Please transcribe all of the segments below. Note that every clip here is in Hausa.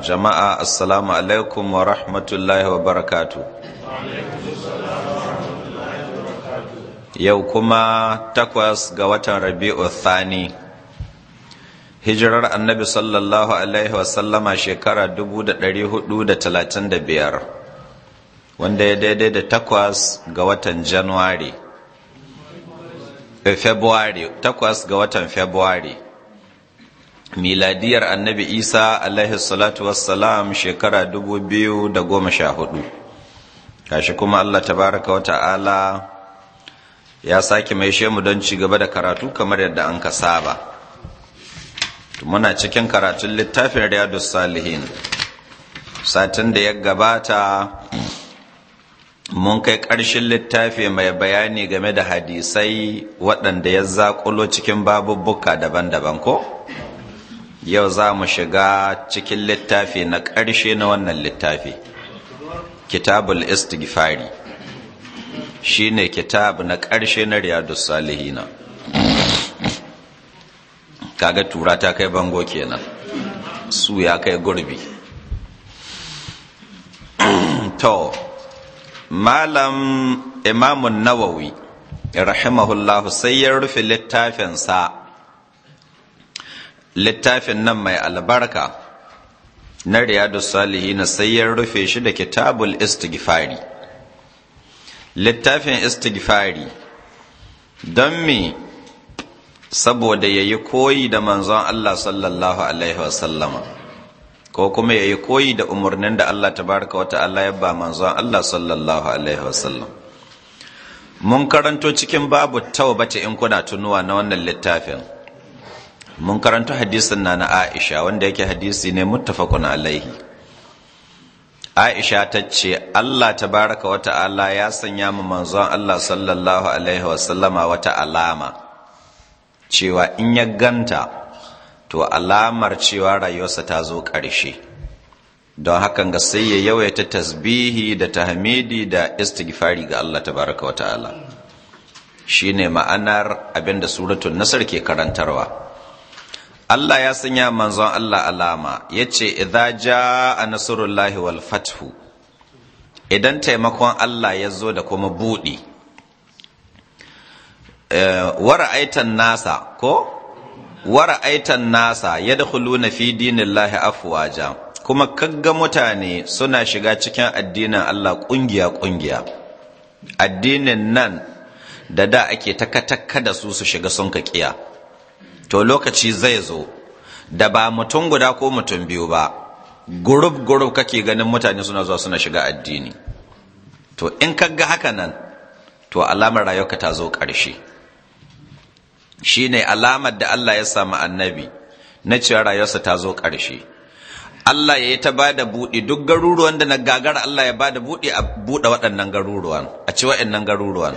jama'a assalamu alaikum wa rahmatullahi wa barakatu yau kuma takwas ga watan rabi'u thani hijirar annabi sallallahu alaihi wasallama shekara 435 wanda ya daidai da takwas ga watan januwari eh, takwas ga watan februari miladiyar annabi isa alaihi salatu wassalam shekara 2014 kashi kuma allah tabaraka wa ta'ala ya sake mai shemu don ci gaba da karatu kamar yadda an ka saba muna cikin karatun littafin riyadu salihin satin da ya gabata mun kai ƙarshen littafi mai bayani game da hadisai waɗanda ya zaƙulo cikin babubbuka daban-daban ko? yau za mu shiga cikin littafi na ƙarshe na wannan littafi kitabul istighfari shine kitab na ƙarshe na riyadus salihina kaga tura ta kai bango kenan su ya kai gurbi to malam imamun nawawi rahimahullahu sai ya rufe littafinsa littafin nan mai albarka na riyadu salihi na sai ya rufe shi da kitabul istighfari littafin istighfari don me saboda ya yi koyi da manzon Allah sallallahu alaihi wasallama ko kuma ya yi koyi da umarnin da Allah Ta baraka wata Allah ya ba manzon Allah sallallahu alaihi wasallam mun karanto cikin babu taubata in kuna tunuwa na wannan littafin mun karanta hadisin na na Aisha wanda yake hadisi ne muttafaqun alaihi Aisha ta ce Allah tabaraka wa ta'ala ya sanya mu manzon Allah sallallahu alaihi wa wata alama cewa in ya ganta to alamar cewa rayuwarsa ta zo ƙarshe don hakan ga sai ya yawaita tasbihi da tahmidi da istighfari ga Allah tabaraka wa ta'ala shine ma'anar abinda suratun nasar ke karantarwa Allah ya sanya manzon Allah alama ya ce ja a nasrullahi wal fathu idan taimakon Allah ya zo da kuma buɗi eh, wara'aitan nasa ko wara'aitan nasa na fi dinillahi afuwa kuma kagga mutane suna shiga cikin addinin Allah ƙungiya-ƙungiya, addinin nan da da ake takatakka da su su shiga sun ka kiya to lokaci zai zo da ba mutum guda ko mutum biyu ba gurub gurub kake ganin mutane suna zuwa suna shiga addini to in ka ga haka nan to alamar rayuwarka ta zo ƙarshe Shi ne alamar da Allah ya samu annabi na cewa rayuwarsa ta zo ƙarshe Allah ya yi ta bada buɗe duk garuruwan da na gagara Allah ya bada buɗi a buɗe waɗannan garuruwan a ci waɗannan garuruwan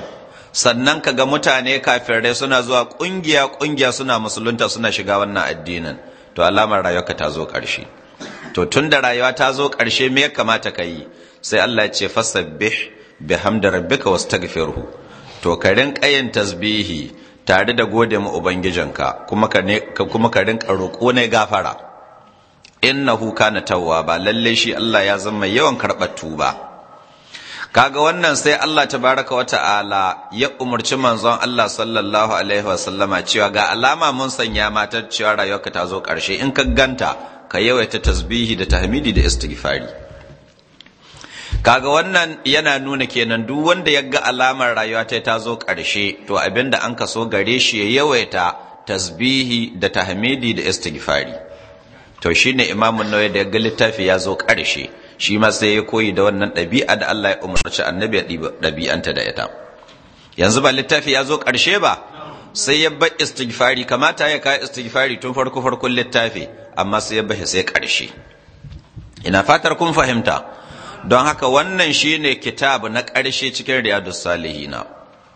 sannan kaga mutane kafirai suna zuwa kungiya kungiya suna musulunta suna shiga wannan addinin to alamar rayuwarka ta zo ƙarshe to da rayuwa ta zo ƙarshe me ya kamata ka yi sai Allah ya ce fasabbih bihamdi rabbika wastaghfirhu to ka rinka yin tasbihi tare da gode mu ubangijinka kuma ka ne kuma ka rinka roƙo ne gafara innahu kana tawwaba lalle shi Allah ya zama yawan karɓar tuba kaga wannan sai Allah Ta baraka wa ta'ala ya umarci manzon Allah sallallahu alaihi wa sallama cewa ga alama mun sanya matar cewa rayuwarka ta zo karshe in ka ganta ka yawaita tasbihi da tahmidi da istighfari kaga wannan yana nuna kenan duk wanda ya ga alamar rayuwa ta ta zo karshe to abinda an so gare shi ya yawaita tasbihi da tahmidi da istighfari to shine imamun nawawi da ya ga littafi ya zo karshe shi ma sai ya koyi da wannan ɗabi'a da Allah ya umarci annabi ya ɗabi'anta da ita yanzu ba littafi ya zo ƙarshe ba sai ya bar istighfari kamata ya kai istighfari tun farko farkon littafi amma sai ya bashi sai ƙarshe ina fatar kun fahimta don haka wannan shine kitabu na ƙarshe cikin riyadus salihina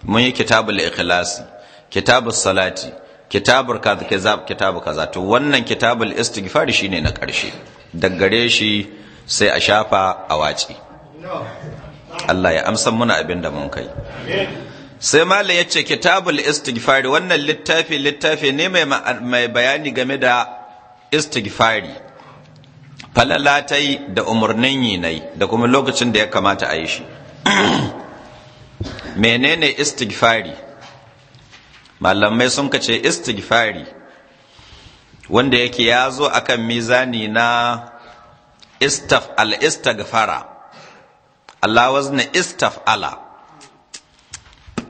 mun yi la ikhlasi kitabu salati kitabu kaza kitabu kaza to wannan al istighfari shine na ƙarshe daggare shi sai a shafa a waci Allah ya amsa muna abin da mun kai sai malam ya ce kitabul istighfari wannan littafi littafi ne mai bayani game da istighfari falalatai da umarnin yinai da kuma lokacin da ya kamata a yi shi menene istighfari malamai sun kace istighfari wanda yake ya zo akan mizani na istaf al istagfara Allah wazna ala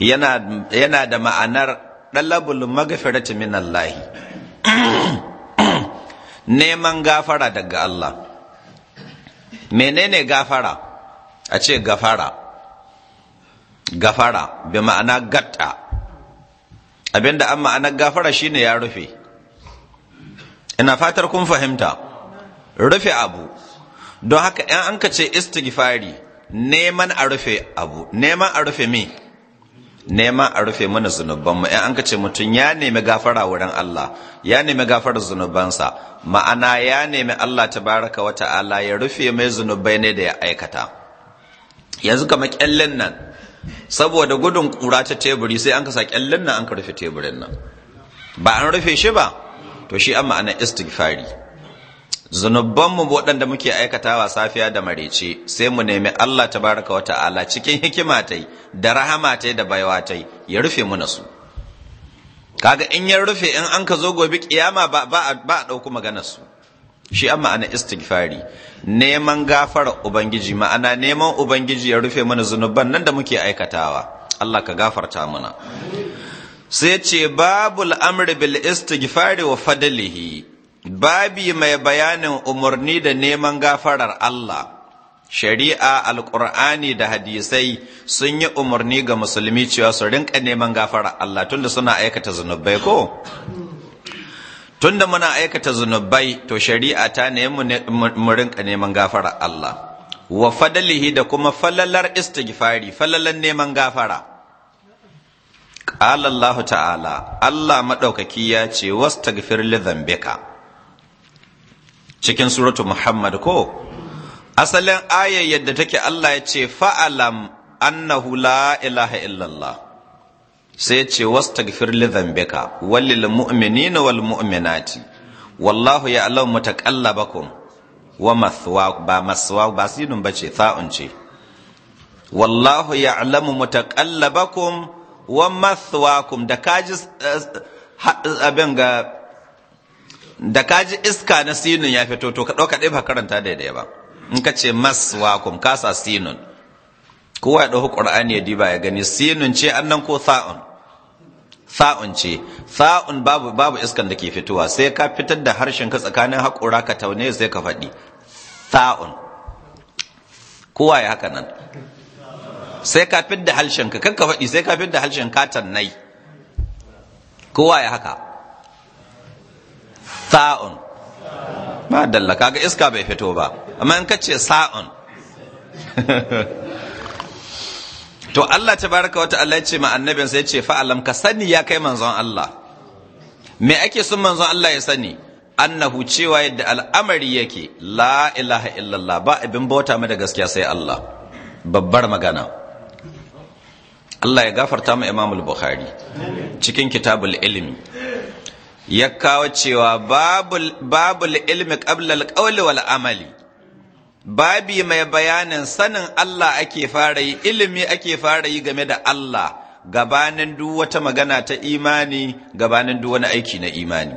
yana yana da ma'anar dalabul magfirati min Allah neman gafara daga Allah menene gafara a ce gafara gafara bi ma'ana gatta abinda an ma'ana gafara shine ya rufe ina fatar kun fahimta rufe abu don haka ‘yan an ka ce istighfari neman a rufe abu neman a rufe mi neman a rufe mana zunubanmu ‘yan an ka ce mutum ya nemi gafara wurin Allah ya nemi gafara zunubansa ma'ana ya nemi Allah ta baraka wata allah ya rufe mai zunubai ne da ya aikata yanzu kama kyallin nan saboda gudun kura ta teburi sai an ka sa kyallin nan an ka rufe teburin nan ba an rufe shi ba to shi an ma'ana istighfari zunubanmu waɗanda muke aikatawa safiya da marece sai mu nemi Allah Ta baraka wa ta'ala cikin hikima ta da rahama ta da baiwa ta ya rufe muna su kaga in ya rufe in an ka zo gobe kiyama ba a ɗauku maganar su shi an ma'ana istighfari neman gafara ubangiji ma'ana neman ubangiji ya rufe mana zunuban nan da muke aikatawa Allah ka gafarta mana sai ce babul amri bil istighfari wa fadlihi babi mai bayanin umarni da neman gafarar Allah shari'a alkur'ani da hadisai sun yi umarni ga musulmi cewa su rinka neman gafarar Allah tunda suna aikata zunubai ko tunda muna aikata zunubai to shari'a ta nemi mu rinka neman gafarar Allah wa fadalihi da kuma falalar istighfari falalan neman gafara qala Allah ta'ala Allah madaukaki ya ce wastaghfir li dhanbika cikin suratu Muhammad ko asalin ayar yadda take Allah ya ce fa'alam annahu la ilaha illallah sai ya ce wastaghfir li dhanbika walil mu'minina wal mu'minati wallahu ya'lamu mutaqallabakum wa mathwa ba maswa ba sinun bace tha'un ce wallahu ya'lamu mutaqallabakum wa mathwakum da kaji eh, abin ga da kaji iska na sinun ya fito to ka ɗauka ɗaya ba karanta daidai ba in ka ce maswakum kasa sinun kowa ya ɗauki ƙur'ani ya diba ya gani sinun ce annan ko sa'un sa'un ce sa'un babu babu iskan da ke fitowa sai ka fitar da harshen ka tsakanin haƙura ka taune sai ka faɗi sa'un kowa ya haka nan sai ka fitar da harshen ka kan ka faɗi sai ka fitar da harshen ka tannai kowa ya haka sa'un ba dalla kaga iska bai fito ba amma in kace sa'un to Allah ta tabaraka wata ta'ala ya ce ma annabin sai ce fa'alam ka sani ya kai manzon Allah me ake son manzon Allah ya sani annahu cewa yadda al'amari yake la ilaha illallah ba abin bauta mu da gaskiya sai Allah babbar magana Allah ya gafarta mu imamul al-Bukhari cikin kitabul ilmi ya kawo cewa babul ilmi qabla alqawli wal amali babi mai bayanin sanin Allah ake fara yi ilimi ake fara yi game da Allah gabanin duk wata magana ta imani gabanin duk wani aiki na imani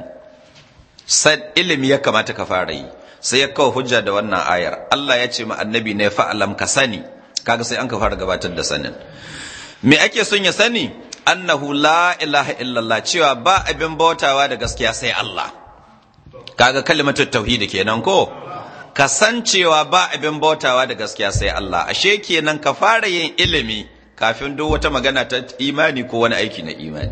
sai ilimi ya kamata ka fara yi sai ya kawo hujja da wannan ayar Allah ya ce ma annabi ne fa'alam ka sani kaga sai an ka fara gabatar da sanin me ake son ya sani annahu la ilaha illallah cewa ba abin bautawa da gaskiya sai Allah kaga kalimatul tauhid kenan ko cewa ba abin bautawa da gaskiya sai Allah ashe kenan ka fara yin ilimi kafin duk wata magana ta imani ko wani aiki na imani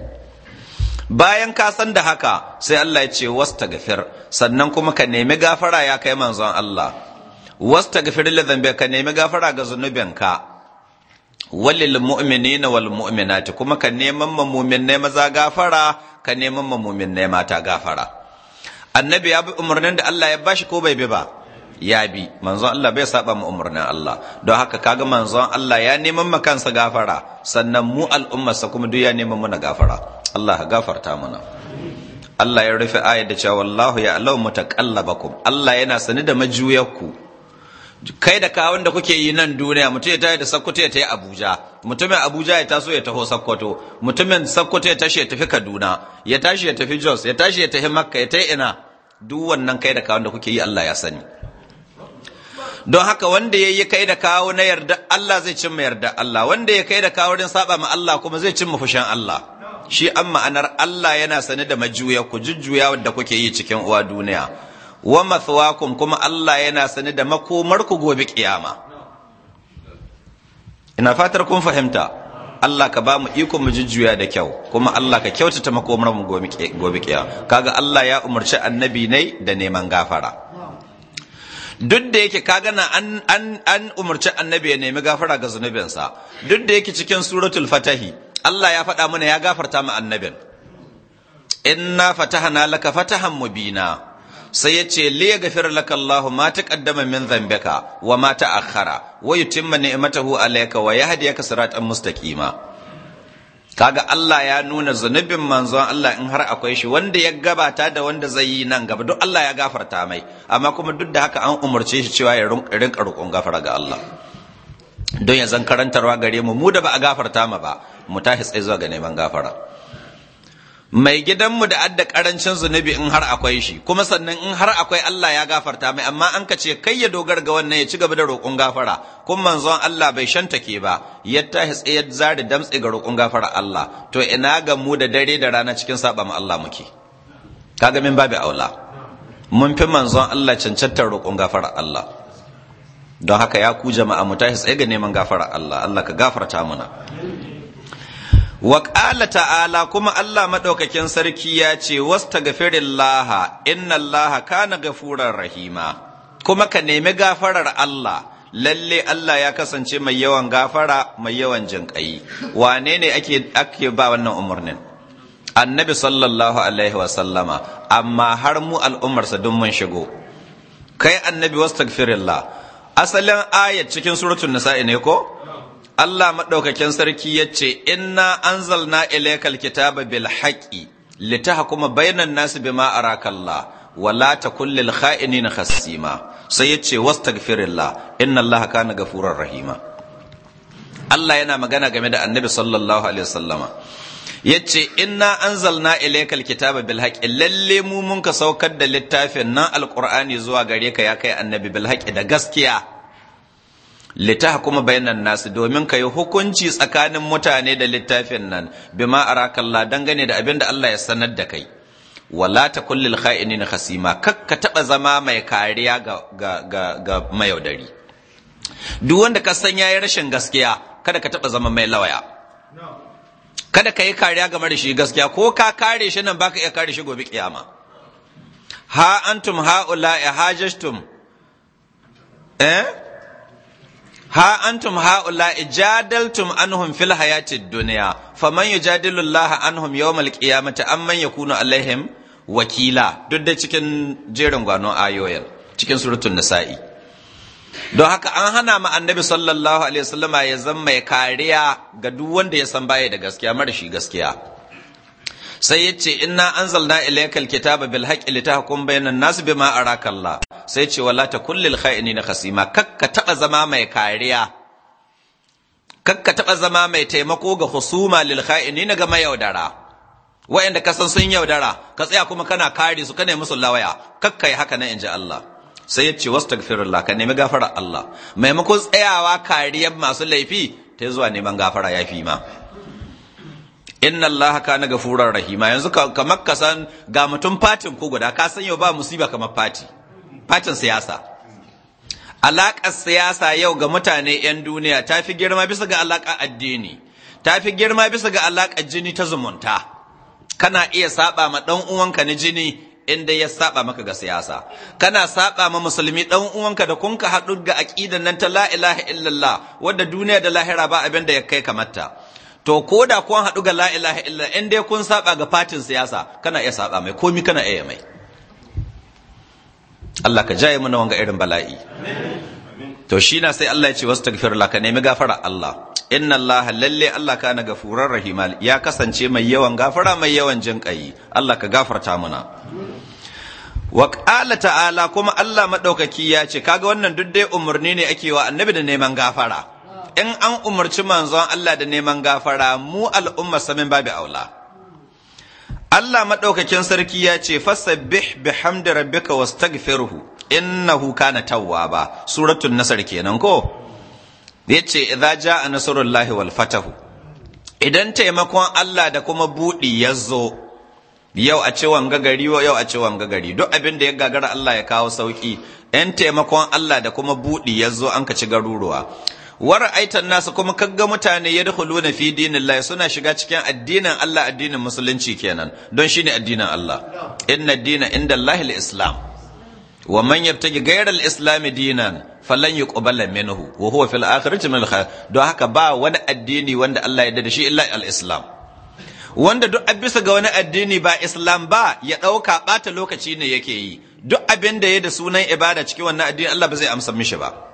bayan ka san da haka sai Allah ya ce wastagfir sannan kuma ka nemi gafara ya kai manzon Allah wastagfir li ka nemi gafara ga ka? walil mu'minina wal mu'minati kuma ka neman ma ne maza gafara ka neman ma ne mata gafara annabi ya bi umarnin da Allah ya bashi ko bai bi ba ya bi manzon Allah bai saba ma umarnin Allah don haka kaga manzon Allah ya neman ma kansa gafara sannan mu sa kuma duk ya neman mana gafara Allah gafarta mana Allah ya rufe ayat da cewa wallahu ya alau mutaqallabakum Allah yana sani da majuyarku kai da kawun da kuke yi nan duniya mutum ya tafi da sakkwato ya tafi abuja mutumin abuja ya taso ya taho sakkwato mutumin sakkwato ya tashi ya tafi kaduna ya tashi ya tafi jos ya tashi ya tafi makka ya tafi ina duk wannan kai da kawun da kuke yi allah ya sani don haka wanda ya yi kai da kawo na yarda allah zai cimma yarda allah wanda ya kai da kawo din saba ma allah kuma zai cimma fushin allah shi an ma'anar allah yana sane da majuya ku jujjuya da kuke yi cikin uwa duniya wa mathwakum kuma Allah yana sani da makomarku gobe kiyama ina fatar kun fahimta Allah ka bamu iko mu jujjuya da kyau kuma Allah ka kyautata makomar mu gobe kiyama kaga Allah ya umarci annabi ne da neman gafara duk da yake kaga na an an an umarci annabi ya nemi gafara ga zunubinsa duk da yake cikin suratul fatahi Allah ya faɗa mana ya gafarta mu annabin inna fatahna laka fatahan mubina sai ya ce li yaghfir laka Allah ma kaddama min zambika wa ma ta akhara wa yutimma ni'matahu alayka wa yahdiyaka siratan mustaqima kaga Allah ya nuna zunubin manzon Allah in har akwai shi wanda ya gabata da wanda zai yi nan gaba duk Allah ya gafarta mai amma kuma duk da haka an umurce shi cewa ya rinka roƙon gafara ga Allah don ya zan karantarwa gare mu mu da ba a gafarta ma ba mu tashi tsaye zuwa ga neman gafara mai gidanmu da adda karancin zunubi in har akwai shi kuma sannan in har akwai Allah ya gafarta mai amma an ka ce kai ya dogara ga wannan ya ci gaba da roƙon gafara kun manzon Allah bai shantake ba ya tahi zari damtse ga roƙon gafara Allah to ina ga mu da dare da rana cikin saba mu Allah muke kaga min babu aula mun fi manzon Allah cancantar roƙon gafara Allah don haka ya ku jama'a mu ta tsaye ga neman gafara Allah Allah ka gafarta muna wa ta'ala kuma Allah maɗaukakin sarki ya ce wasu gafirin laha inna laha kana gafurar rahima kuma ka nemi gafarar Allah lalle Allah ya kasance mai yawan gafara mai yawan jinƙayi wane ne ake, ba wannan umarnin annabi sallallahu alaihi wasallama amma har mu al'ummarsa duk mun shigo kai annabi ta gafirin laha asalin ayat cikin suratun nisa'i ne ko Allah maɗaukakin sarki ya ce, Inna anzalna ilaikal kitaba bil haƙi, kuma bainan nasu bima arakallah, wala takun lil na hasima, Sai ya ce, Wastaghfirillah, inna Allah kana gafurar rahima. Allah yana magana game da Annabi sallallahu alaihi sallama. Ya ce, Inna anzalna ilaikal kitaba bil haƙi, lalle mu saukar da littafin nan Alƙur'ani zuwa gare ka ya kai Annabi bil haƙi da gaskiya. kuma bayanan nasu domin ka yi hukunci tsakanin mutane da littafin nan bima arakallah dangane da abin da Allah ya sanar da kai wala ta kullil kha'inin khasima kak ka taba zama mai kariya ga ga ga, ga mayaudari duk wanda ka san yayi rashin gaskiya kada ka taba zama mai lawaya kada ka yi kariya ga da shi gaskiya ko ka kare shi nan baka iya kare shi gobe kiyama ha antum ha'ula'i hajastum eh ha antum haula ijadaltum anhum fil hayati dunya faman yujadilu Allah anhum yawmal qiyamati amman yakunu alaihim wakila duk da cikin jerin gwanon ayoyin cikin suratul nisa'i don haka an hana ma annabi sallallahu alaihi wasallama ya zama mai kariya ga duk wanda ya san baya da gaskiya mara shi gaskiya sai yace inna anzalna ilaykal kitaba bil haqqi litahkum bainan nas bima arakallah sai ce wala ta kullil kha'ini na khasima kakka taba zama mai kariya kakka taba zama mai taimako ga husuma lil kha'ini na ga mayaudara wayanda ka san sun yaudara ka tsaya kuma kana kare su kana musu lawaya kakka yi haka na inji Allah sai ya ce ka nemi gafara Allah maimakon tsayawa kariyar masu laifi ta zuwa neman gafara yafi ma inna allaha kana gafurar rahima yanzu kamar ka san ga mutum fatin ko guda ka san yau ba musiba kamar fati facin siyasa alaƙar siyasa yau ga mutane 'yan duniya ta fi girma bisa ga alaƙar addini ta fi girma bisa ga alaƙar jini ta zumunta kana iya saba ma ɗan na jini inda ya saba maka ga siyasa kana saba ma musulmi ɗan da kunka haɗu ga aƙidan nan ta la'ilaha illallah wadda duniya da lahira ba abin da ya kai kamata to ko da kun haɗu ga la'ilaha illallah in kun saba ga fatin siyasa kana iya saba mai komi kana iya mai Allah ka jaye muna wanga irin bala'i to shi na sai Allah ya ce wasu wastaghfir laka nemi gafara Allah inna Allah lalle Allah kana gafurar rahimal ya kasance mai yawan gafara mai yawan jin kai Allah ka gafarta muna wa ƙala ta'ala kuma Allah maɗaukaki ya ce kaga wannan duk dai umarni ne ake wa annabi da neman gafara in an umarci manzon Allah da neman gafara mu al'umma samin babu aula Allah maɗaukakin sarki ya ce fasabbih hamdi rabbika wastaghfirhu na kana ba, suratun nasar kenan ko yace idza jaa nasrullahi wal fatahu idan taimakon Allah da kuma budi yazo yau a ce wanga gari yau a ce wanga gari duk abin da ya gagara Allah ya kawo sauki yan taimakon Allah da kuma budi yazo an ka ci garuruwa wa ra'aitan nasu kuma kaga mutane yadkhuluna fi dinillahi suna shiga cikin addinin Allah addinin musulunci kenan don shine addinin Allah inna dina inda Allahil islam wa man yabtagi ghayra al-islam dinan falan yuqbala minhu wa huwa fil akhirati min al don haka ba wani addini wanda Allah ya yarda da shi illa al-islam wanda duk bisa ga wani addini ba islam ba ya ɗauka ɓata lokaci ne yake yi duk abin da ya da sunan ibada cikin wannan addini Allah ba zai amsa mishi ba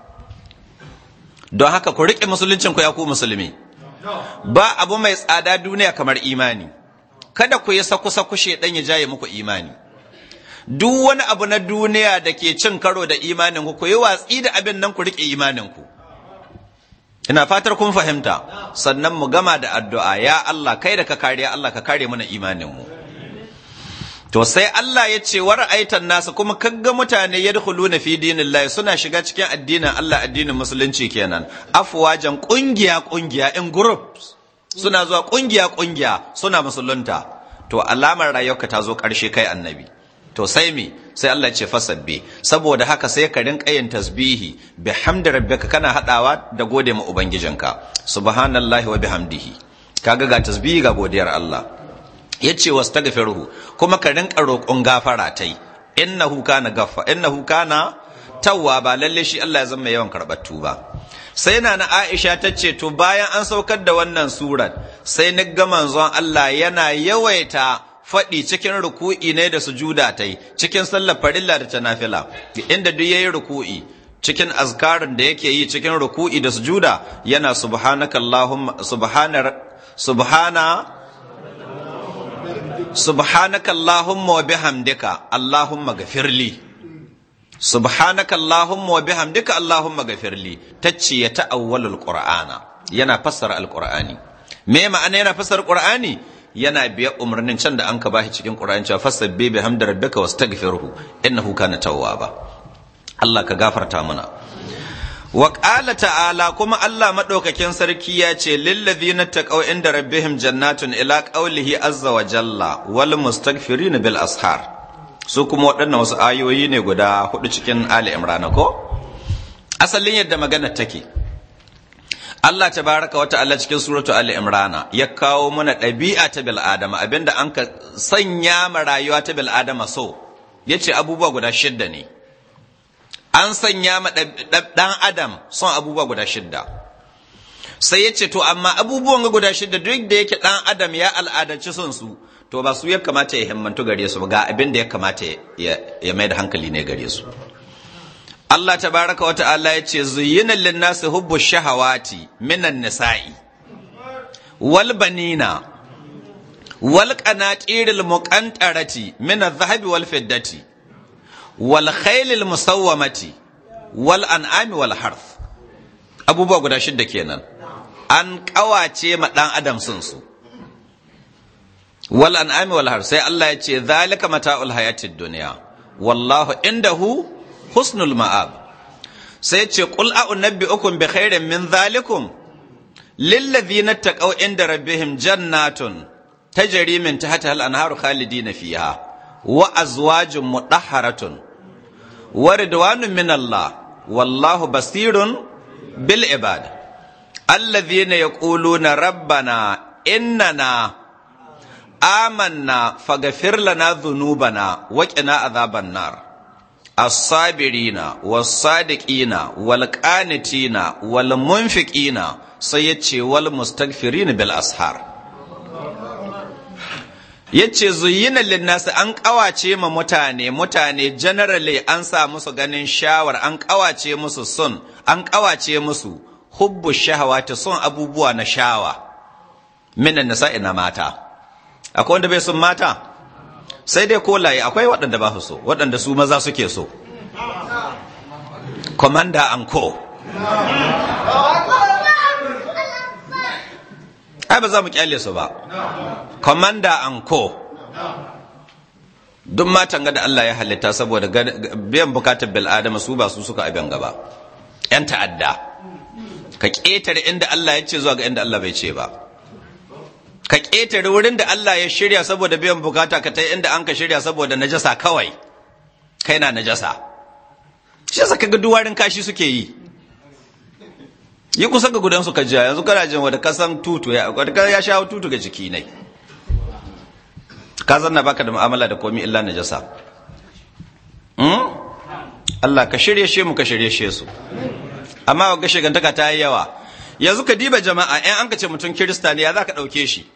don haka ku riƙe musuluncin ku ya ku musulmi ba abu mai tsada duniya kamar imani kada ku yi saku-saku shedan ya jaye muku imani duk wani abu na duniya da ke cin karo da imanin ku ku yi watsi da abin nan ku riƙe imanin ku ina fatar kun fahimta sannan mu gama da addu'a ya Allah kai da ka kare Allah ka kare mana imanin mu to sai Allah ya ce wa ra'aitan nasa kuma kaga mutane na fi dinillahi suna shiga cikin addinin Allah addinin musulunci kenan afwajan kungiya kungiya in groups suna zuwa kungiya kungiya suna musulunta to alamar rayuwarka ta zo karshe kai annabi to sai me sai Allah ce fasabbi saboda haka sai ka rinka yin tasbihi bihamdi rabbika kana hadawa da gode ma ubangijinka subhanallahi wa bihamdihi kaga ga tasbihi ga godiyar Allah Ya ce yace wastaghfiruhu kuma ka rinka roƙon gafara ta tai In na huka na tawwa ba lalle shi Allah ya zama yawan karɓar tuba sai na na Aisha ta ce to bayan an saukar da wannan surar sai ni ga manzon Allah yana yawaita faɗi cikin ruku'i ne da sujuda ta yi cikin sallar farilla da ta nafila inda duk yayi ruku'i cikin azkarin da yake yi cikin ruku'i da juda yana subhanakallahumma subhanar subhana subhanaka allahumma wa bihamdika allahumma gafirli subhanaka allahumma wa bihamdika allahumma gafirli tacce ya yana fassara alqur'ani me ma'ana yana fassara qur'ani yana biya umarnin can da an ka shi cikin qur'ani cewa fasabbi In na wastaghfirhu innahu kana ba. Allah ka gafarta mana wa ƙala ta'ala kuma Allah maɗaukakin sarki ya ce lillazi na taƙau inda rabbihim jannatun ila ƙaulihi azza wa jalla wal na bil ashar su kuma waɗannan wasu ayoyi ne guda hudu cikin Ali Imran ko asalin yadda magana take Allah ta baraka wa ta'ala cikin suratu Ali Imran ya kawo mana ɗabi'a ta bil adama abinda an ka sanya ma rayuwa ta bil adama so yace abubuwa guda shidda ne an sanya ma ɗan adam son abubuwa guda shidda sai ya ce to amma abubuwan guda shidda duk da yake ɗan adam ya al'adanci son su to ba su ya kamata ya himmantu gare su ga abin da ya kamata ya mai da hankali ne gare su Allah ta baraka wata Allah ya ce zuyyina linnasi hubbu shahawati minan nisa'i wal banina wal qanatiril muqantarati min adh-dhahabi wal fiddati wal khailil musawwamati wal an'ami wal abubuwa guda shidda kenan an kawace ma dan adam sun su wal an'ami wal har sai Allah ya ce zalika mata'ul hayatid dunya wallahu indahu husnul ma'ab sai ce qul a'unabbi'ukum bi khairin min zalikum lillazina taqaw inda rabbihim jannatun tajri min tahtiha al-anharu khalidina fiha wa azwajun mudahharatun wa ridwanun min Allah wallahu basirun bil ibad alladhina yaquluna rabbana innana amanna faghfir lana dhunubana wa qina adhaban nar as-sabirina was-sadiqina wal-qanitina wal-munfiqina sai yace wal mustaghfirina bil ashar yace zuyyina linnasi an kawace ma mutane mutane generally an sa musu ganin shawar an kawace musu sun an kawace musu hubbu shahawati sun abubuwa na shawa minan nisa'i na mata akwai wanda bai sun mata sai dai kolaye akwai waɗanda ba su so waɗanda su maza suke so commander anko ai ba za mu kyale su ba komanda anko duk matan ga da Allah ya halitta saboda biyan bukatar bil adama su ba su suka abin gaba yan ta'adda ka ƙetare inda Allah ya ce zuwa ga inda Allah bai ce ba ka ƙetare wurin da Allah ya shirya saboda biyan bukata ka ta inda an ka shirya saboda najasa kawai kai na najasa shi yasa kaga duwarin kashi suke yi yi kusa ga gudansu ka jiya yanzu kana jin wata kasan tutu ya wata ya sha tutu ga jiki ne ka zanna baka da mu'amala da komi illa najasa hmm? Allah ka shirye shi mu ka shirye shi su amma ga shigantaka ta yi yawa yanzu ka diba jama'a ɗan an ka ce mutum kirista ne ya za ka ɗauke shi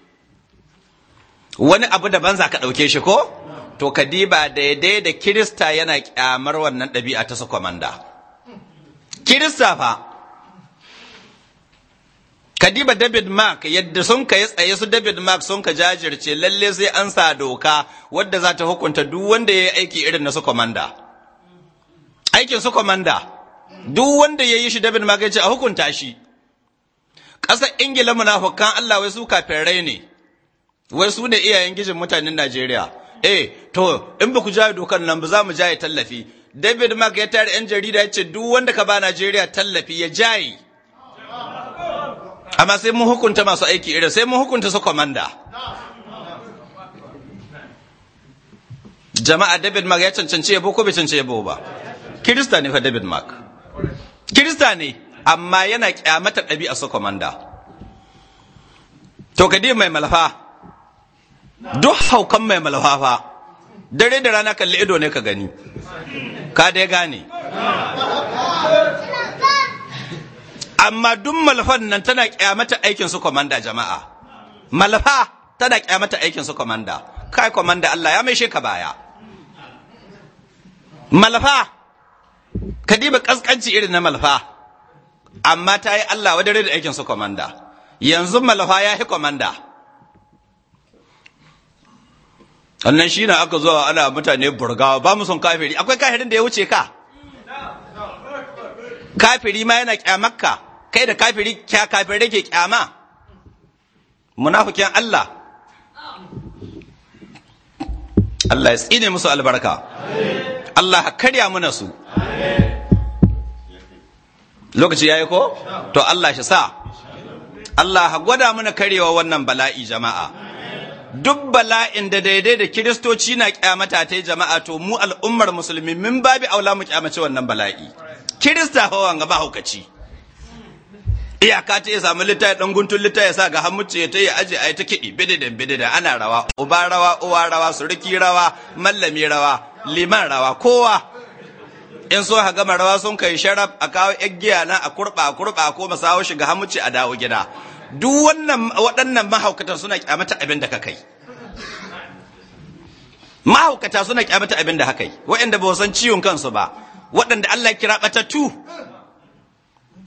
wani abu daban za ka ɗauke shi ko to ka diba daidai da kirista yana ƙyamar wannan ɗabi'a ta sakwamanda kirista fa kadiba david mark yadda sun ka yi tsaye su david mark sun ka jajirce lalle sai an sa doka wadda za ta hukunta duk wanda ya yi aiki irin na su komanda aikin su komanda duk wanda ya yi shi david mark ya ce a hukunta shi ƙasar ingila munafukan allah wai su kafirai ne wai su ne iyayen gijin mutanen najeriya eh to in ba ku jaye dokan nan ba za mu jaye tallafi david mark ya tare yan jarida ya ce duk wanda ka ba najeriya tallafi ya jaye amma sai mun hukunta masu aiki irin sai mun hukunta su komanda jama'a david mark ya cancanci yabo ko bai cancanci yabo ba kirista ne fa david mark kirista ne amma yana kyamata ɗabi'a su komanda to ka mai malafa duk haukan mai malafa fa dare da rana kalli ido ne ka gani ka dai gane amma duk malfan nan tana kyamata aikin su komanda jama'a malfa tana kyamata aikin su komanda kai komanda Allah ya mai ka baya malfa ka diba kaskanci irin na malfa amma ta yi Allah wadare da aikin su komanda yanzu malfa ya yi komanda annan shi na aka zuwa ana mutane burgawa ba mu son kafiri akwai kafirin da ya wuce ka kafiri ma yana kyamakka kai da kafiri kya kafirai ke kyama munafikin Allah Allah ya tsine musu albarka Allah ya karya muna su lokaci yayi ko to Allah shi sa Allah ya gwada mana karewa wannan bala'i jama'a. Duk bala'in da daidai da kiristoci na kyamata ta jama'a to mu al'ummar musulmi min babi aula mu kyamace wannan bala'i. Kirista hawan ga ba haukaci. iyaka ta ya samu lita ya dan guntun lita ya sa ga hammuce ta ya aje yi ta kidi bididan bididan ana rawa uba rawa uwa rawa suriki rawa mallami rawa liman rawa kowa in so ha gama rawa sun kai sharaf a kawo giya na a kurba a kurba ko masawo shiga hamuci a dawo gida duk wannan waɗannan mahaukata suna kyamata abin da ka kai mahaukata suna kyamata abin da haka yi waɗanda ba san ciwon kansu ba waɗanda Allah ya kira batatu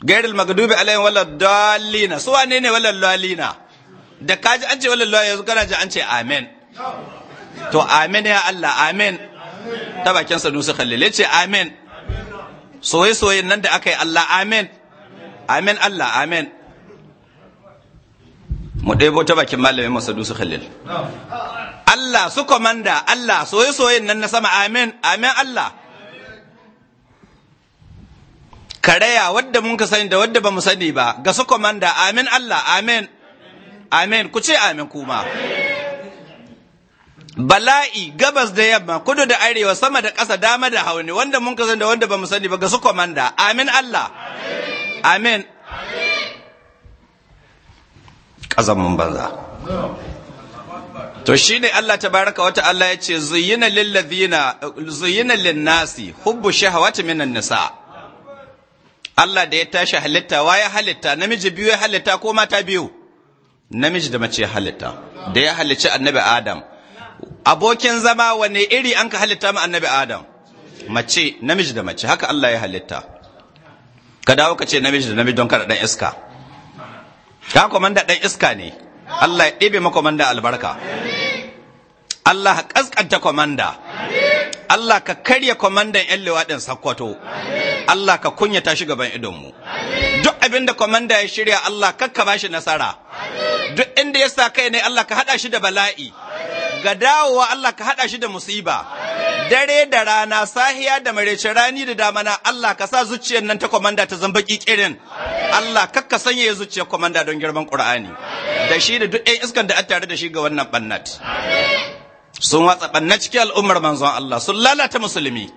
gairil magdubi alaihim wala dallina su wane ne wala dallina da kaji an ce wala dallina yanzu kana ji an ce amen to amen ya Allah amen ta bakin sa nusu khalil yace amen soye soye nan da aka yi Allah amen amen Allah amen mu bo ta bakin malamin masa dusu khalil Allah su komanda Allah soye soye nan na sama amen amen Allah karaya wadda mun ka sani da wadda ba mu sani ba ga su komanda amin Allah amin amin ku ce amin kuma bala'i gabas da yamma kudu da arewa sama da ƙasa dama da hauni wanda mun ka sani da wanda ba mu sani ba ga su komanda amin Allah amin mun banza to shine Allah tabaraka wa ta'ala ya ce zuyina zuyyina lin linnasi hubbu shahawati minan nisa' Allah da ya tashi halitta wa ya halitta namiji biyu ya halitta ko mata biyu namiji da mace ya halitta da ya halicci annabi Adam abokin zama wani iri an ka halitta ma annabi Adam mace namiji da mace haka Allah ya halitta ka dawo ka ce namiji da namiji don kada dan iska ka komanda dan iska ne Allah ya ɗebe makomanda albarka Allah ka kaskanta komanda Allah ka karya komandan yan lewaɗin Sakkwato. Allah ka kunyata shi gaban idonmu duk abin da komanda ya shirya Allah kakka ba shi nasara duk inda ya sa kai ne Allah ka haɗa shi da bala'i ga dawowa Allah ka haɗa shi da musiba dare da rana sahiya da marece rani da damana Allah ka sa zuciyar nan ta komanda ta zamba kirin Allah kakka sanya ya zuciyar komanda don girman Qur'ani da shi da duk ɗayan iskan da a tare da shi ga wannan bannat sun watsa bannat cikin al'ummar manzon Allah sun lalata musulmi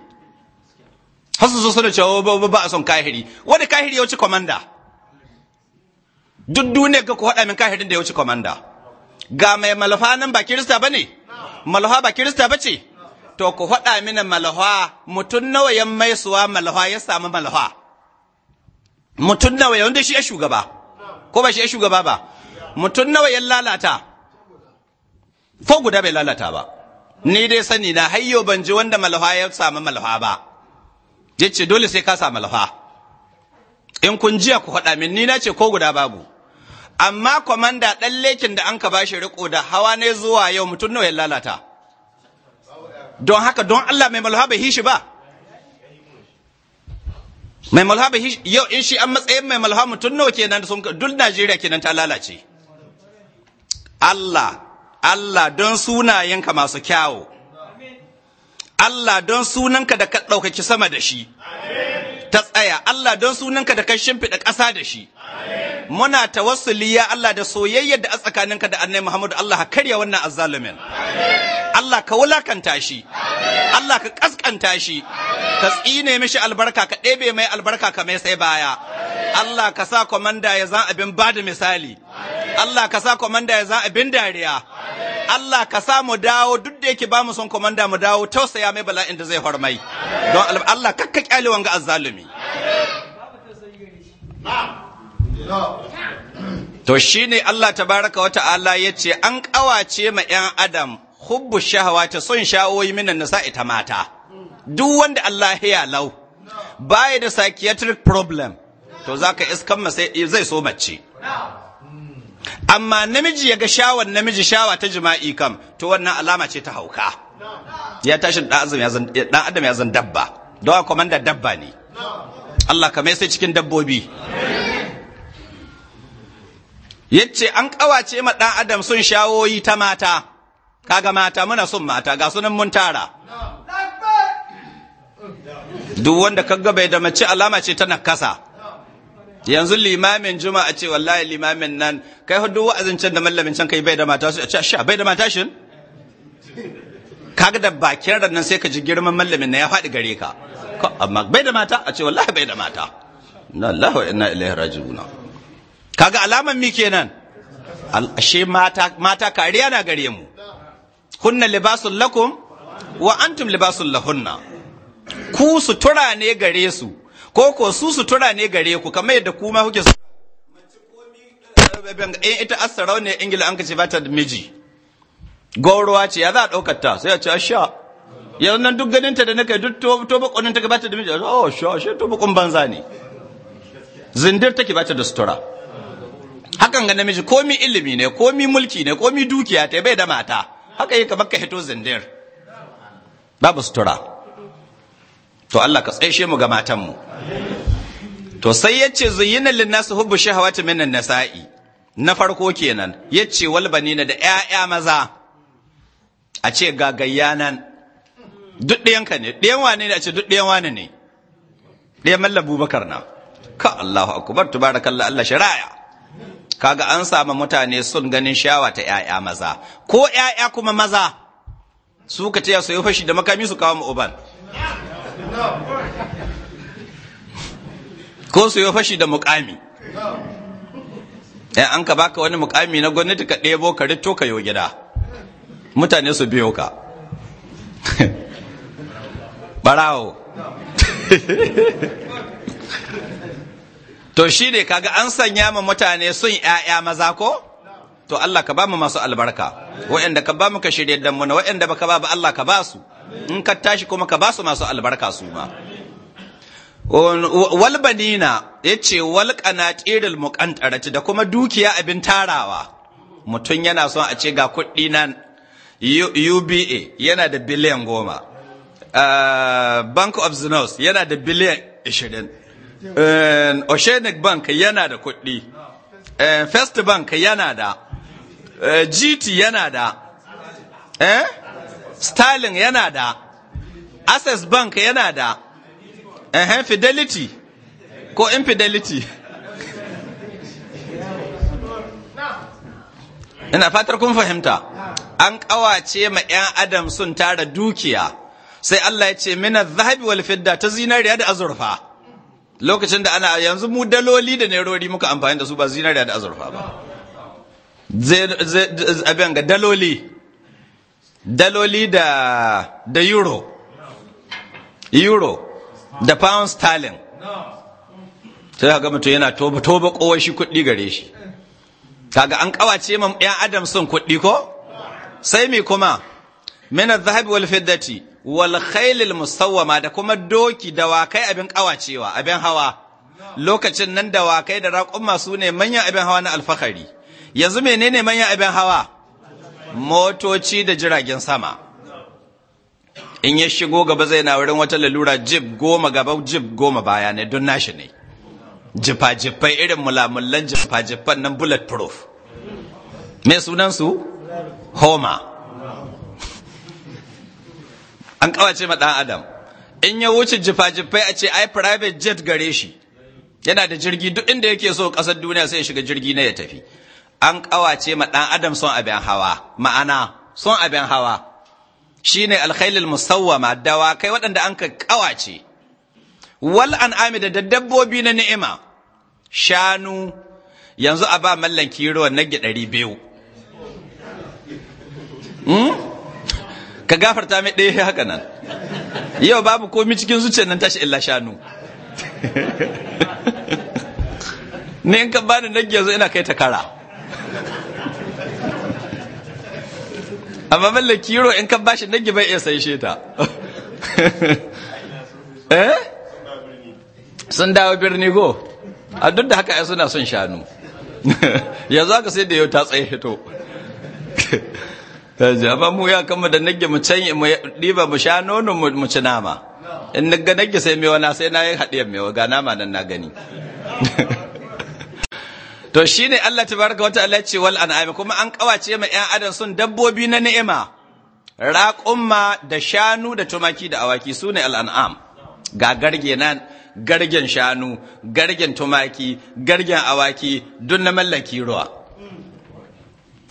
har su zo suna cewa ba a son kahiri wani kahiri ya wuce komanda duk duniya ga ku haɗa min kahirin da ya wuce komanda ga mai malafa nan ba kirista ba ne malafa ba kirista ba ce to ku haɗa mini malafa mutum nawa ya mai suwa malafa ya samu malafa mutum nawa ya wanda shi ya shugaba ko ba shi ya shugaba ba mutum nawa ya lalata ko guda bai lalata ba ni dai sani na hayyo ban ji wanda malafa ya samu malafa ba ya ce dole sai ka samu lafa in kun jiya ku faɗa min ni na ce ko guda babu amma kwamanda ɗan lekin da an ka bashi riko da hawa ne zuwa yau mutum nawa ya lalata don haka don Allah mai malha bai hishi ba mai malha bai hishi yau in shi an matsayin mai malha mutum nawa kenan sun duk Najeriya kenan ta lalace Allah Allah don sunayenka masu kyawu Allah don sunanka da ka ɗaukaki sama da shi ta tsaya Allah don sunanka da ka shimfiɗa ƙasa da shi muna tawassuli ya Allah da soyayya da a tsakaninka da annai Muhammadu Allah ka karya wannan azzalumin Allah ka wulakanta shi Allah ka ƙasƙanta shi ka tsine mishi albarka ka ɗebe mai albarka ka mai sai baya Allah ka sa komanda ya za abin da misali Allah ka sa komanda ya za abin dariya Allah ka sa mu dawo duk da yake ba mu son komanda mu dawo tausaya mai bala'in da zai hormai don Allah kakka kyale wanga azzalumi to shine Allah tabaraka wa ta'ala yace an kawace ma yan adam hubbu shahawa ta son shawoyi minan nasa ita mata duk wanda Allah ya lau baya da psychiatric problem to zaka iskan zai so mace amma namiji ya ga shawar namiji shawa ta jima'i kam to wannan alama ce ta hauka ya tashi dan adam ya zan dabba don komanda dabba ne Allah ka mai sai cikin dabbobi yace an kawace ma dan adam sun shawoyi ta mata kaga mata muna son mata ga sunan mun tara duk wanda kaga bai da mace alama ce ta nakasa yanzu limamin juma'a ce wallahi limamin nan kai hudu wa'azin can da mallamin can kai bai da mata a ce a bai da mata shin kaga da bakin nan sai ka ji girman mallamin na ya faɗi gare ka amma bai da mata a ce wallahi bai da mata na Allah wa inna ilaihi raji'un kaga alaman mi kenan ashe mata mata kariya na gare mu hunna libasul lakum wa antum libasul lahunna ku sutura ne gare su ko ko su sutura ne gare ku kamar yadda kuma kuke su in eh, ita asarau ne ingila an kace bata miji gauruwa ce ya za a ɗaukar ta sai a ce sha yanzu nan duk ganinta da nake duk to bakonin take bata da miji oh sha shi to bakon banza ne zindir take bata da sutura hakan ga namiji komi ilimi ne komi mulki ne komi dukiya ta bai da mata haka yi kamar ka hito zindir babu sutura to Allah ka tsaye mu ga matanmu to sai yace zuyyina linnasu hubbu shahawati minan nasa'i na farko kenan yace wal na da 'ya'ya maza a ce gagayya nan duk ɗiyanka ne ɗiyan wane ne a ce duk ɗiyan wane ne ɗiyan mallan Abubakar na ka Allahu akbar tubarakallah Allah shari'a kaga an samu mutane sun ganin shawa ta ‘ya'ya maza, ko ‘ya'ya kuma maza, su ka taya su yi fashi da makami su kawo uban. ko su yi fashi da mukami ya eh, an ka baka wani mukami na gwamnati ka ɗebo ka rito ka yi gida mutane su biyo ka barawo to shi ne kaga an sanya ma mutane sun ‘ya'ya maza ko? to Allah ka ba mu masu albarka waɗanda ka ba mu ka shirye dan mu na ba ka ba ba Allah ka ba su in ka tashi kuma ka ba su masu albarka su ma wal banina ce, wal qanatirul muƙantarci da kuma dukiya abin tarawa mutum yana son a ce ga kuɗi nan UBA yana da biliyan goma uh, Bank of Zinos yana da biliyan ishirin Oceanic Bank yana da kuɗi First Bank yana da uh, GT yana da eh Sterling yana da Access Bank yana da uh Fidelity ko Infidelity ina fatar kun fahimta an kawace ma 'yan adam sun tara dukiya sai Allah ya ce mina zahabi wal fidda ta zinariya da azurfa lokacin da ana yanzu mu daloli da nerori muka amfani da su ba zinariya da azurfa ba abin ga daloli daloli da da euro euro da pound sterling sai ga mutum yana toba toba kowai shi kuɗi gare shi kaga an kawace mam yan adam sun kuɗi ko sai me kuma mina zahab wal fiddati wal khayl musawwama da kuma doki dawakai abin kawacewa abin hawa lokacin nan da dawakai da raƙumma su ne manyan abin hawa na alfahari yanzu menene manyan abin hawa motoci da jiragen sama in ya shigo gaba zai na wurin wata lalura jib goma gaba jib goma baya ne don nashi ne jifa-jifai irin mulamullan jifa-jifan nan bulletproof mai sunansu homer an kawace ma ɗan adam in ya wuce jifa-jifai a ce ai private jet gare shi yana da jirgi duk inda yake so ƙasar duniya sai ya shiga jirgi na ya tafi an ƙawace ma ɗan adam son abin hawa ma'ana son abin hawa shine alkhailul musawwama kai waɗanda an ka ƙawace wal an'ami da dabbobi na ni'ima shanu yanzu a ba mallan kiro nage ɗari biyu hmm? ka gafarta mai ɗaya haka nan yau babu komi cikin zuciya nan tashi illa shanu ne in ka bani nagi yanzu ina kai ta kara amma balle kiro in kan bashi nagi bai iya saishe ta eh sun dawo birni go a duk da haka ai suna son shanu yanzu haka sai da yau ta tsaye hito amma mu ya kama da nage mu can mu diba mu sha nono mu ci nama in naga nage sai mewa na sai na yi haɗiyar mewa ga nama nan na gani to shi ne Allah ta baraka wata Allah ce wal an'am kuma an kawace ma ƴan adam sun dabbobi na ni'ima raƙumma da shanu da tumaki da awaki su ne al'an'am. ga garge nan gargen shanu gargen tumaki gargen awaki duk na mallaki ruwa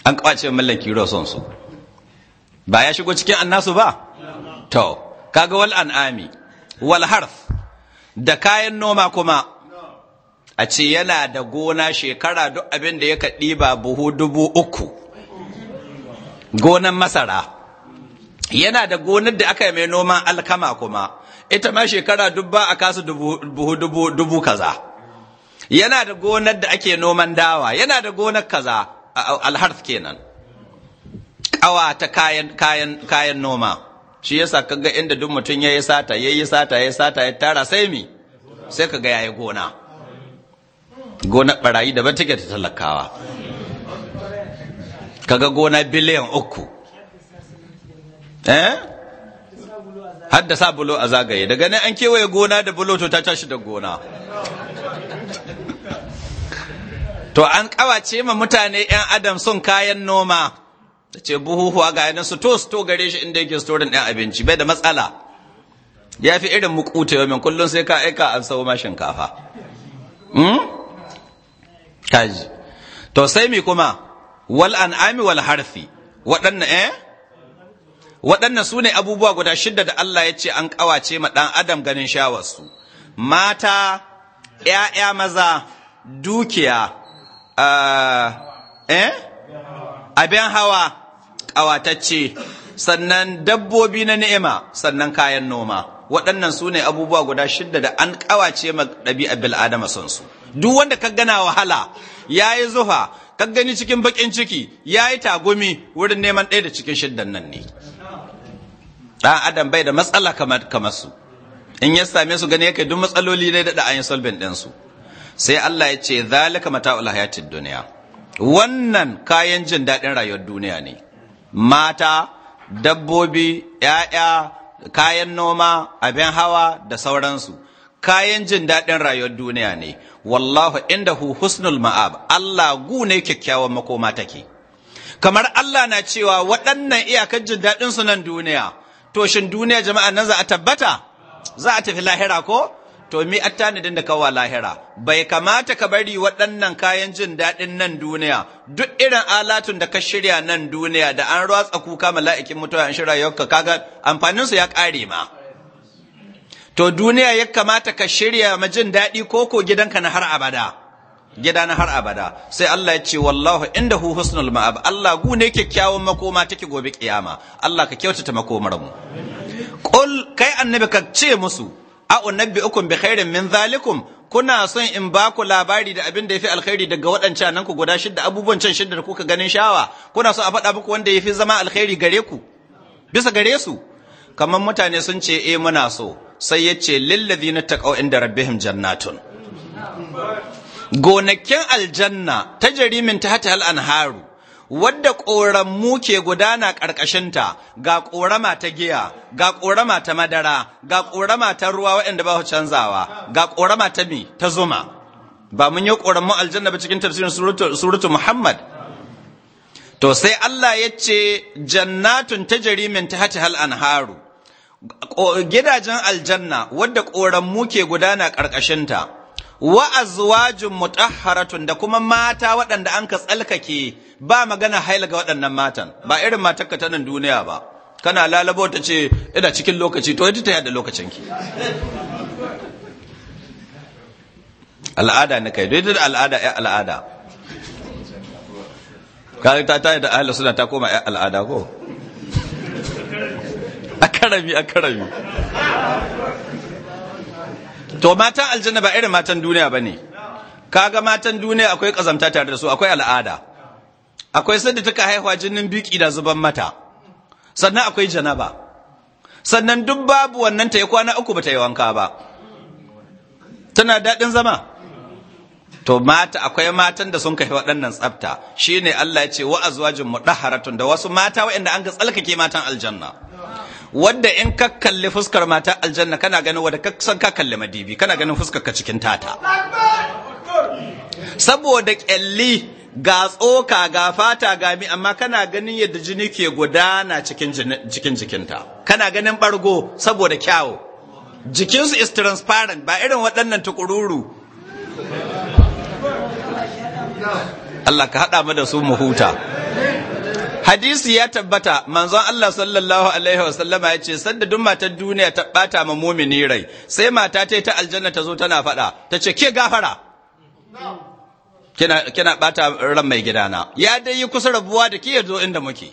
an kawace mallaki ruwa son su ba ya shigo cikin annasu ba to kaga wal an'ami wal harf da kayan noma kuma a ce yana da gona shekara duk abin da kaɗi ba buhu dubu uku gonan masara yana da gonar da aka yi mai noman alkama kuma ita ma shekara dubba a kasu buhu dubu kaza yana da gonar da ake noman dawa yana da gonar kaza alharf kenan kawa ta kayan kayan kayan noma shi yasa kaga inda duk mutum ya yi sata ya yi sata ya yi sata ya tara sai mi sai kaga yi gona gonar barayi daban take ta talakawa kaga gona biliyan uku eh hadda sa bulo a zagaye daga nan an kewaye gona da bulo to ta tashi da gona to an kawace ma mutane yan adam sun kayan noma ta ce buhuhuwa ga yanin su to to gare shi inda yake storin ɗin abinci bai da matsala ya fi irin mukuta yau min kullum sai ka aika an sau ma shinkafa hmm? kaji to sai mi kuma wal an'ami wal harfi waɗannan eh waɗannan su ne abubuwa guda shidda da Allah ya ce an ƙawace ma ɗan adam ganin shawarsu mata ‘ya'ya maza dukiya eh, eh abin hawa ƙawatacce sannan dabbobi na ni'ima sannan kayan noma waɗannan su ne abubuwa guda shidda da an ƙawace ma ɗabi'a bil'adama son su duk wanda ka gana wahala ya yi zufa ka gani cikin bakin ciki ya yi tagumi wurin neman ɗaya da cikin shiddan nan ne ɗan adam bai da matsala kamar su in ya same su gani yake duk matsaloli ne da da'ayin solbin ɗinsu sai Allah ya ce zalika ula hayatid duniya wannan kayan jin daɗin rayuwar duniya ne mata dabbobi ‘ya'ya kayan noma abin hawa da sauransu kayan jin daɗin rayuwar duniya ne wallahu inda hu husnul ma'ab Allah gu ne kyakkyawan makoma take kamar Allah na cewa waɗannan iyakar jin daɗin su nan duniya to shin duniya jama'a nan za a tabbata za a tafi lahira ko to mi attanidin da kawa lahira bai kamata ka bari waɗannan kayan jin daɗin nan duniya duk irin alatun da ka shirya nan duniya da an ratsa kuka mala'ikin mutuwa an shirya yau ka kaga amfaninsu ya ƙare ma to duniya ya kamata ka shirya majin daɗi ko ko gidanka na har abada gida na har abada sai Allah ya ce wallahu inda hu husnul ma'ab Allah gune kyakkyawan makoma take gobe kiyama Allah ka kyautata makomar mu qul kai annabi ka ce musu a unabbi ukum bi khairin min zalikum kuna son in ba ku labari da abin da yafi alkhairi daga waɗancan nan ku guda shidda abubuwan can shidda da kuka ganin shawa kuna son a faɗa muku wanda yafi zama alkhairi gare ku bisa gare su kamar mutane sun ce eh muna so sai ya ce na taƙau inda rabbihim jannatun gonakin aljanna ta jarimin ta hata al'anharu wadda ƙoramu ke gudana ƙarƙashinta ga ƙorama ta giya ga ƙorama ta madara ga ƙorama ta ruwa waɗanda ba canzawa ga ƙorama ta mi ta zuma ba mun yi ƙoramu aljanna ba cikin tafsirin surutu muhammad to sai allah ya ce jannatun ta jarimin ta hata al'anharu gidajen aljanna wadda ƙoranmu ke gudana ƙarƙashinta wa azwajun mutahharatun da kuma mata waɗanda an ka tsalkake ba magana haila ga waɗannan matan ba irin matarka ta nan duniya ba kana lalabo ta ce ina cikin lokaci to ita ta yada lokacin ki al'ada ne kai dai da al'ada ya al'ada ka ta ta da ahli suna ta koma ya al'ada ko a karami to matan aljanna ba irin matan duniya ba kaga matan duniya akwai kazamta tare da su akwai al'ada akwai sanda take haihuwa jinin biki da zuban mata sannan akwai janaba sannan duk babu wannan ta yi kwana uku ba ta yi wanka ba tana daɗin zama to mata akwai matan da sun kai waɗannan tsafta shine Allah ya ce wa azwajin mudahharatun da wasu mata waɗanda an ga tsalkake matan aljanna wadda in ka kalli fuskar mata aljanna kana ganin wadda ka san ka kalli madibi kana ganin fuskar ka cikin tata saboda kyalli ga tsoka ga fata ga mi amma kana ganin yadda jini ke gudana cikin cikin jikinta kana ganin bargo saboda kyawu jikinsu is transparent ba irin waɗannan tukururu Allah ka haɗa mu da su mu huta hadisi ya tabbata manzon Allah sallallahu alaihi wa sallama ya ce sanda duk matar duniya ta bata ma mumini rai sai mata ta ta aljanna ta zo tana faɗa ta ce ke gafara kina kina bata ran mai gida na. ya dai yi kusa rabuwa da ke zo inda muke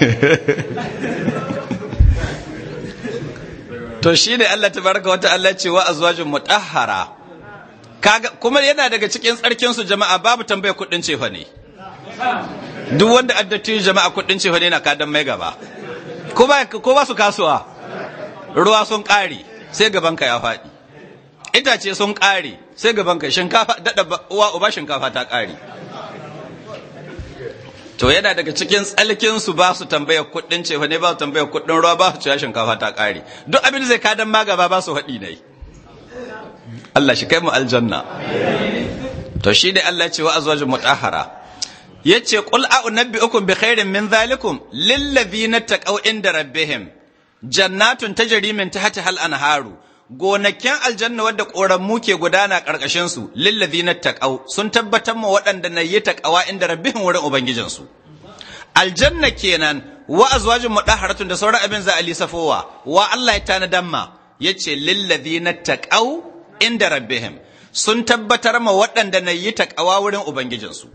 eh to shi ne Allah ta baraka wata Allah ce wa azwajin mutahara kuma yana daga cikin tsarkin su jama'a babu tambaya kudin cefa ne duk wanda addatu jama'a kudin cefa ne na kadan mai gaba ko ba ko ba su kasuwa ruwa sun kare sai gaban ka ya faɗi itace sun kare sai gaban ka shinkafa dada uwa uba shinkafa ta kare to yana daga cikin tsalkin su ba su tambaya kuɗin cefa ne ba su tambaya kuɗin ruwa ba su cewa shinkafa ta ƙare duk abin da zai kadan gaba ba su haɗi dai. Allah shi kai mu aljanna to shi ne Allah ce wa azwajin mutahara yace qul a'unabbi'ukum bi khairin min zalikum lil ladina taqaw inda rabbihim jannatun tajri min tahtiha al-anharu gonakin aljanna wadda mu ke gudana ƙarƙashinsu na taƙau sun tabbatar ma waɗanda na yi taƙawa inda rabbihin wurin ubangijinsu aljanna kenan wa azwajin mudahharatun da sauran abin za a lisafowa wa Allah ya tana damma yace na taƙau inda rabbihim sun tabbatar ma waɗanda na yi taƙawa wurin ubangijinsu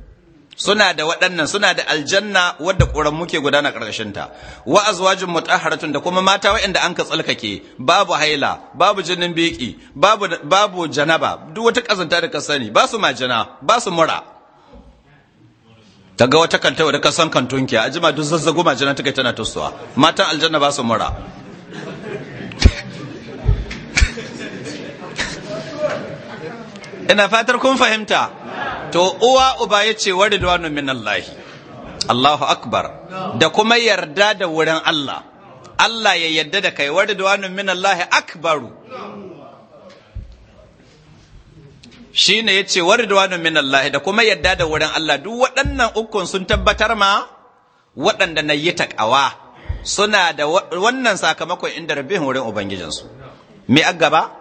suna da waɗannan suna da aljanna wadda ƙoran muke gudana ƙarƙashinta wa azwajin mutahharatun da kuma mata waɗanda an ka tsalkake babu haila babu jinin beki babu babu janaba duk wata kazanta da ka sani ba su majina ba su mura daga wata kanta wadda ka san kantunki a jima duk zazzago majina take tana tusuwa matan aljanna ba su mura ina fatar kun fahimta to uwa uba yace min minallahi Allahu akbar da kuma yarda da wurin Allah Allah ya yarda da kai wari min minallahi akbaru Shi shine yace min minallahi da kuma yarda da wurin Allah duk waɗannan ukun sun tabbatar ma waɗanda na yi takawa suna da wannan sakamakon inda rabihin wurin ubangijinsu me a gaba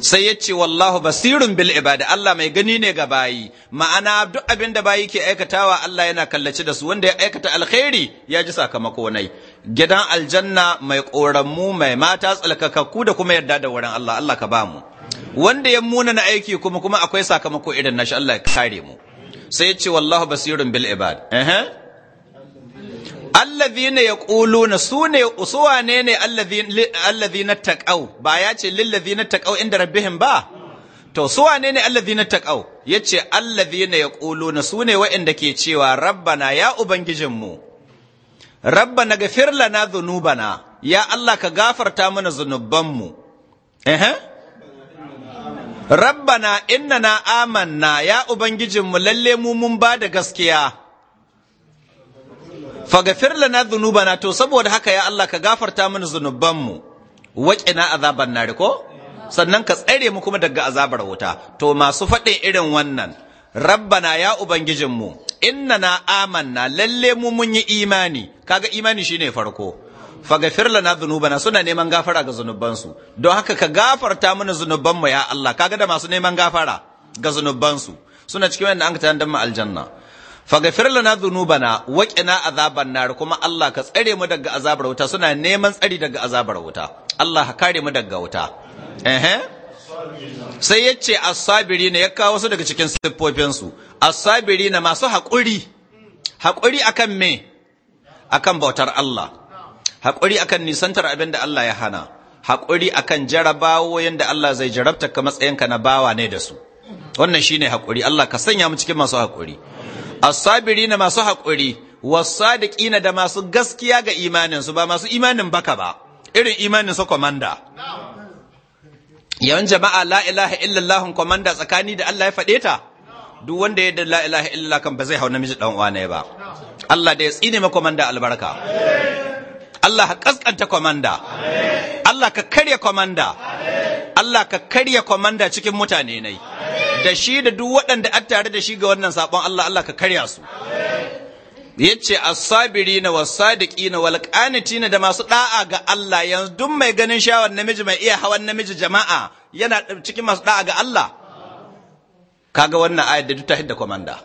sai ya ce wallahu basirun bil ibada Allah mai gani ne ga bayi ma'ana duk abin da bayi ke aikatawa Allah yana kallaci da su wanda ya aikata alkhairi ya ji sakamako nai gidan aljanna mai koranmu mai mata tsalkakakku da kuma yarda da wurin Allah Allah ka bamu wanda ya muna na aiki kuma kuma akwai sakamako irin nashi Allah ya kare mu sai ya ce wallahu basirun bil ibad eh allazina yaquluna sune usuwa ne ne allazina taqaw ba ya ce lillazina taqaw inda rabbihim ba to su wane ne ya ce allazina ya yace na su ne wa'inda ke cewa rabbana ya ubangijinmu rabbana ghafir lana zunubana, ya Allah ka gafarta mana zunubanmu eh rabbana innana amanna ya ubangijinmu lalle mu mun ba da gaskiya faghfir lana dhunubana to saboda haka ya Allah ka gafarta mana zunubanmu waqina azaban nar ko sannan ka tsare mu kuma daga azabar wuta to masu faɗin irin wannan rabbana ya ubangijinmu innana amanna lalle mu mun yi imani kaga imani shine farko faghfir lana dhunubana suna neman gafara ga su don haka ka gafarta mana zunubanmu ya Allah kaga da masu neman gafara ga zunubansu suna cikin wanda an ka tandan mu aljanna faghfir lana dhunubana wa qina azaban nar kuma Allah ka tsare mu daga azabar wuta suna neman tsari daga azabar wuta Allah ka kare mu daga wuta eh sai yace as-sabiri ne ya kawo su daga cikin siffofin su as-sabiri na masu haƙuri haƙuri akan me akan bautar Allah haƙuri akan nisantar abin da Allah ya hana haƙuri akan jarabawoyin da Allah zai jarabta ka matsayinka na bawa ne da su wannan shine haƙuri Allah ka sanya mu cikin masu haƙuri as-sabirina masu haƙuri was-sadiqina da masu gaskiya ga imanin su ba masu imanin baka ba irin imanin su komanda yawan jama'a la ilaha illallah komanda tsakani da Allah ya fade ta duk wanda ya da la ilaha illallah kan ba zai hau namiji dan uwa ne ba Allah da ya tsine ma komanda albarka Allah ka kaskanta komanda Allah ka karya komanda Allah ka karya komanda cikin mutane ne da shi da duk waɗanda a tare da shi ga wannan sabon Allah Allah ka karya su Ya yace as-sabirina was-sadiqina walƙaniti na da masu ɗa'a ga Allah yanzu duk mai ganin shawar namiji mai iya hawan namiji jama'a yana cikin masu ɗa'a ga Allah kaga wannan ayat da duk ta hidda komanda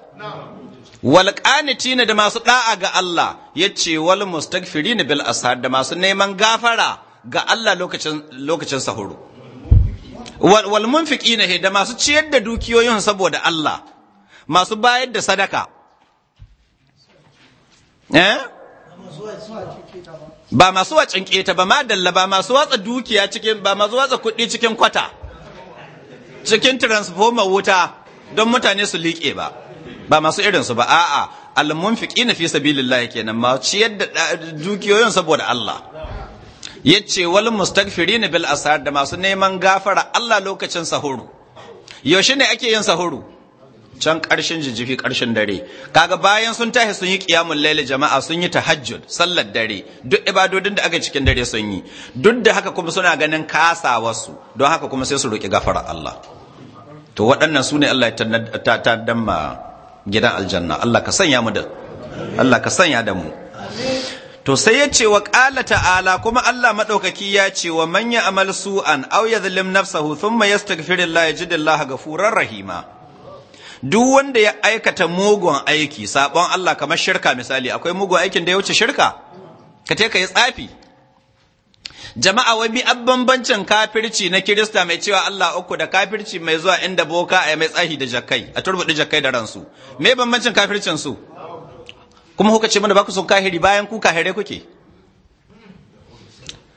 Walƙaniti na da masu ɗa'a ga Allah yace wal na bil asar da masu neman gafara ga Allah lokacin sahuru wal munfiqina he da masu ciyar da dukiyoyin saboda Allah masu bayar da sadaka eh ba masu wacin keta ba madalla ba masu watsa dukiya cikin ba masu watsa kuɗi cikin kwata cikin transformer wuta don mutane su liƙe ba ba masu irinsu ba a'a al munfiqina fi sabilillah kenan ma ciyar da dukiyoyin saboda Allah yace wal mustaghfirin bil asar da masu neman gafara Allah lokacin sahuru yaushe ne ake yin sahuru can ƙarshen jijjifi ƙarshen dare kaga bayan sun tashi sun yi ƙiyamun laila jama'a sun yi tahajjud sallar dare duk ibadodin da aka cikin dare sun yi duk da haka kuma suna ganin kasa wasu don haka kuma sai su roƙi gafara Allah to waɗannan su ne Allah ya ta gidan aljanna Allah ka sanya mu da Allah ka sanya da mu to sai ya ce wa ƙala ta'ala kuma Allah maɗaukaki ya ce wa manya amal su'an au ya zalim nafsahu thumma yastaghfirullah ga furar rahima duk wanda ya aikata mugun aiki sabon Allah kamar shirka misali akwai mugun aikin da ya wuce shirka ka te ka yi tsafi jama'a wai bi bambancin kafirci na kirista mai cewa Allah uku da kafirci mai zuwa inda boka a mai tsahi da jakai a turbuɗi jakai da ransu me bambancin kafircin su kuma kuka ce mana ba ku son kahiri bayan ku kahire kuke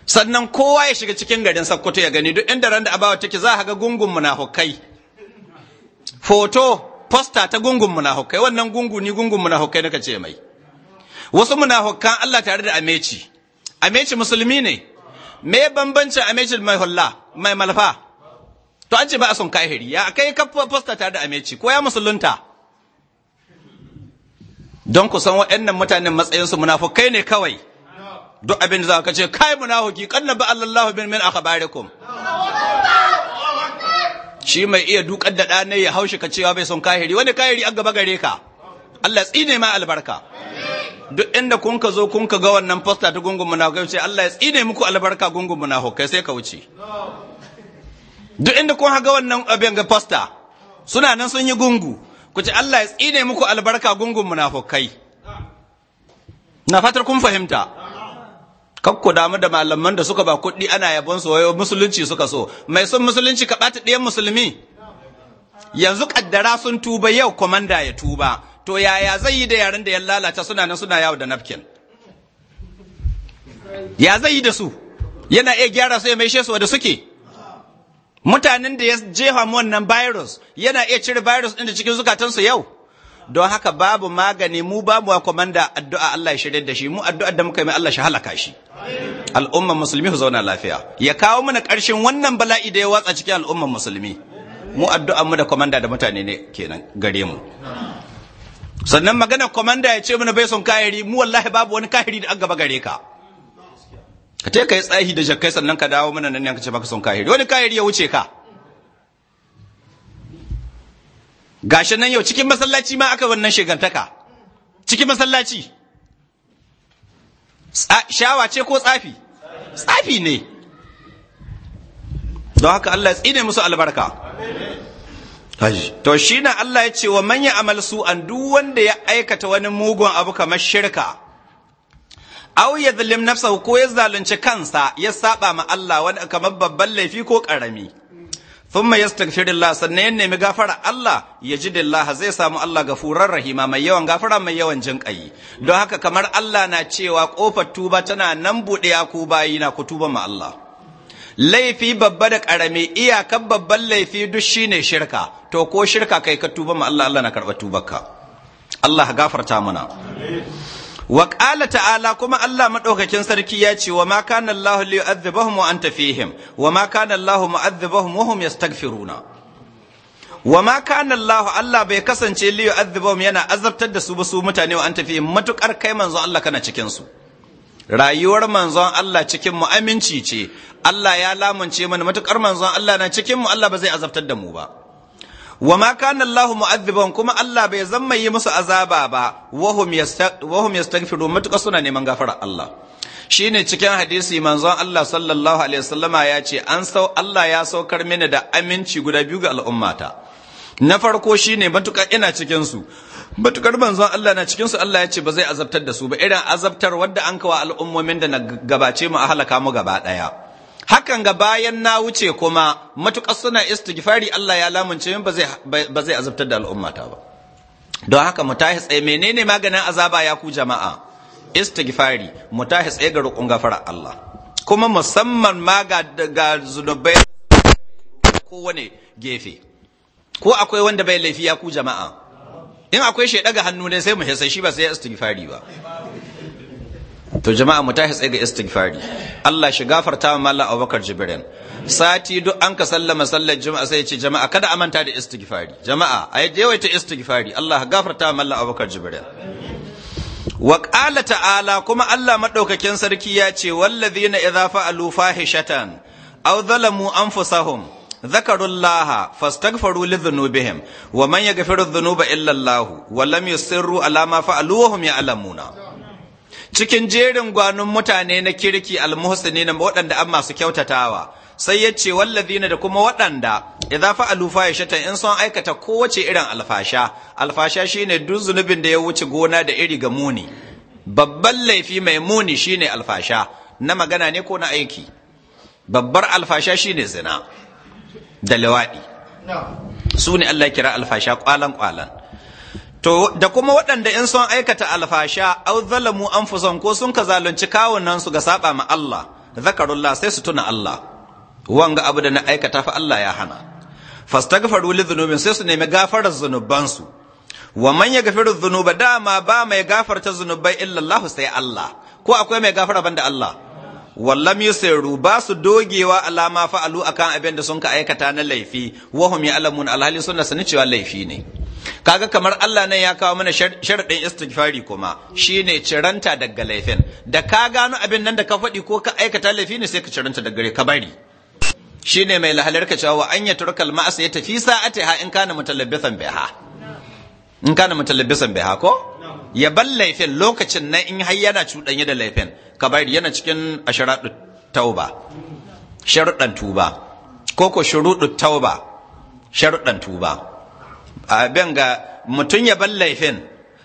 sannan kowa ya shiga cikin garin sakkwato ya gani duk inda randa abawa take za a ga gungun munafukai foto posta ta gungun munafukai wannan gungu ni gungun munafukai na ce mai wasu munafukan Allah tare da ameci ameci musulmi ne me bambanci ameci mai hulla mai malfa to an ce ba a son kahiri ya kai kafa posta tare da ameci ko ya musulunta don ku san waɗannan mutanen matsayinsu munafukai ne kawai duk abin da za ka ce kai munafuki kanna ba Allah bin min akhbarikum shi mai iya dukar da ɗane ya haushi ka cewa bai son kahiri wani kahiri an gaba gare ka Allah tsine ma albarka duk inda kun ka zo kun ka ga wannan fasta ta gungun munafukai sai Allah ya tsine muku albarka gungun munafukai sai ka wuce duk inda kun ga wannan abin ga fasta suna nan sun yi gungu ku ce Allah ya tsine muku albarka gungun munafukai na fatar kun fahimta kak ku damu da malaman da suka ba kuɗi ana yabon su wayo musulunci suka so mai sun musulunci ka ɓata ɗayan musulmi yanzu kaddara sun tuba yau kwamanda ya tuba to yaya zai yi da yaren da ya lalata suna nan suna yawo da napkin ya zai yi da su yana iya gyara su ya mai su da suke mutanen da ya jefa mu wannan virus yana iya cire virus ɗin da cikin zukatansu yau don haka babu magani mu babu wa komanda addu'a Allah ya shirye da shi mu addu'ar da muka yi mai Allah shi halaka shi al'umman musulmi ku zauna lafiya ya kawo mana ƙarshen wannan bala'i da ya watsa cikin al'umman musulmi mu addu'a mu da komanda da mutane ne kenan gare mu sannan magana komanda ya ce mana bai son kahiri mu wallahi babu wani kahiri da an gaba gare ka ka te ka yi tsahi da jakai sannan ka dawo mana nan ka ce baka son kahiri wani kahiri ya wuce ka gashi nan yau cikin masallaci ma aka wannan shigantaka cikin masallaci shawa ce ko tsafi tsafi ne don haka Allah ya tsine musu albarka to shi na Allah ya ce wa manya amal su an duk wanda ya aikata wani mugun abu kamar shirka Au ya zalim nafsa ko ya zalunci kansa ya saba ma Allah wani kamar babban laifi ko karami thumma yastaghfirullah sannan ya nemi gafara Allah ya ji dillaha zai samu Allah gafurar rahima mai yawan gafara mai yawan jin kai don haka kamar Allah na cewa kofar tuba tana nan buɗe ku bayi na ku tuba ma Allah laifi babba da karami iyakan babban laifi duk shine shirka to ko shirka kai ka tuba ma Allah Allah na karɓa tubarka Allah gafarta mana wa ta'ala kuma Allah madaukakin sarki ya ce wa ma kana Allah li yu'adhibahum wa anta fihim wa ma kana Allah mu'adhibahum wa hum yastaghfiruna wa ma kana Allah Allah bai kasance li yu'adhibahum yana azabtar da su ba su mutane wa anta fihim matukar kai manzo Allah kana cikin su rayuwar manzon Allah cikin aminci ce Allah ya lamunce mana matukar manzon Allah na cikin mu Allah ba zai azabtar da mu ba wa ma kana Allah mu'adhibahum kuma Allah bai zamma yi musu azaba ba wahum wahum yastaghfiru matuƙa suna neman gafara Allah shine cikin hadisi manzon Allah sallallahu alaihi wasallama ya ce an sau Allah ya saukar mini da aminci guda biyu ga al'ummata na farko shine matuƙa ina cikin su matukar manzon Allah na cikin su Allah ya ce ba zai azabtar da su ba irin azabtar wadda an kawa al'ummomin da na gabace mu a halaka mu gaba daya hakan ga bayan na wuce kuma matuƙar suna istighfari Allah ya lamunce min ba zai azabtar da al'ummata ba don haka mu tahi tsaye menene maganin azaba ya ku jama'a istighfari mu tahi tsaye ga roƙon gafara Allah kuma musamman ma ga ga zunubai wani gefe ko akwai wanda bai laifi ya ku jama'a in akwai shaidaga hannu ne sai mu hisa shi ba sai istighfari ba to jama'a mu tashi tsaye ga istighfari Allah shi gafarta wa mallam Abubakar Jibrin sati duk an ka sallama sallar juma'a sai ce jama'a kada a manta da istighfari jama'a a yawaita istighfari Allah gafarta wa mallam Abubakar Jibrin wa qala ta'ala kuma Allah madaukakin sarki ya ce wallazina idza fa'alu fahishatan aw zalamu anfusahum ذكروا الله فاستغفروا لذنوبهم ومن يغفر الذنوب illallahu, الله ولم يصروا على ما فعلوا وهم يعلمون cikin jerin gwanon mutane na kirki almuhsini na waɗanda an masu kyautatawa sai ya ce wallazi da kuma waɗanda ya alufa ya shatan in sun aikata kowace irin alfasha alfasha shine duk zunubin da ya wuce gona da iri ga muni babban laifi mai muni shine alfasha na magana ne ko na aiki babbar alfasha shine zina da lawadi su ne Allah kira alfasha kwalan kwalan to da kuma waɗanda in sun aikata alfasha au zalamu fusan ko sun ka zalunci kawunan su ga saba ma Allah zakarullah sai su tuna Allah wanga abu da na aikata fa Allah ya hana fastaghfiru li dhunubin sai su nemi gafarar zunubansu wa man yaghfiru dhunuba dama ba mai gafarta zunubai illa Allah sai Allah ko akwai mai gafara banda Allah wallam yusiru ba su dogewa alama fa'alu akan abin da sun ka aikata na laifi wahum ya'lamun alhali suna sanin cewa laifi ne kaga kamar Allah nan ya kawo mana sharadin istighfari kuma shine ciranta daga laifin da ka gano abin nan da ka faɗi ko ka aikata laifi ne sai ka ciranta daga gare ka bari shine mai lahalar ka cewa an ya turkal ma'as ya tafi ha in kana mutalabbisan biha in kana mutalabbisan biha ko ya ban laifin lokacin nan in har yana cuɗanye da laifin ka bari yana cikin asharadu tauba sharuɗan tuba ko ko tauba sharuɗan tuba abin ga mutum ya bar laifin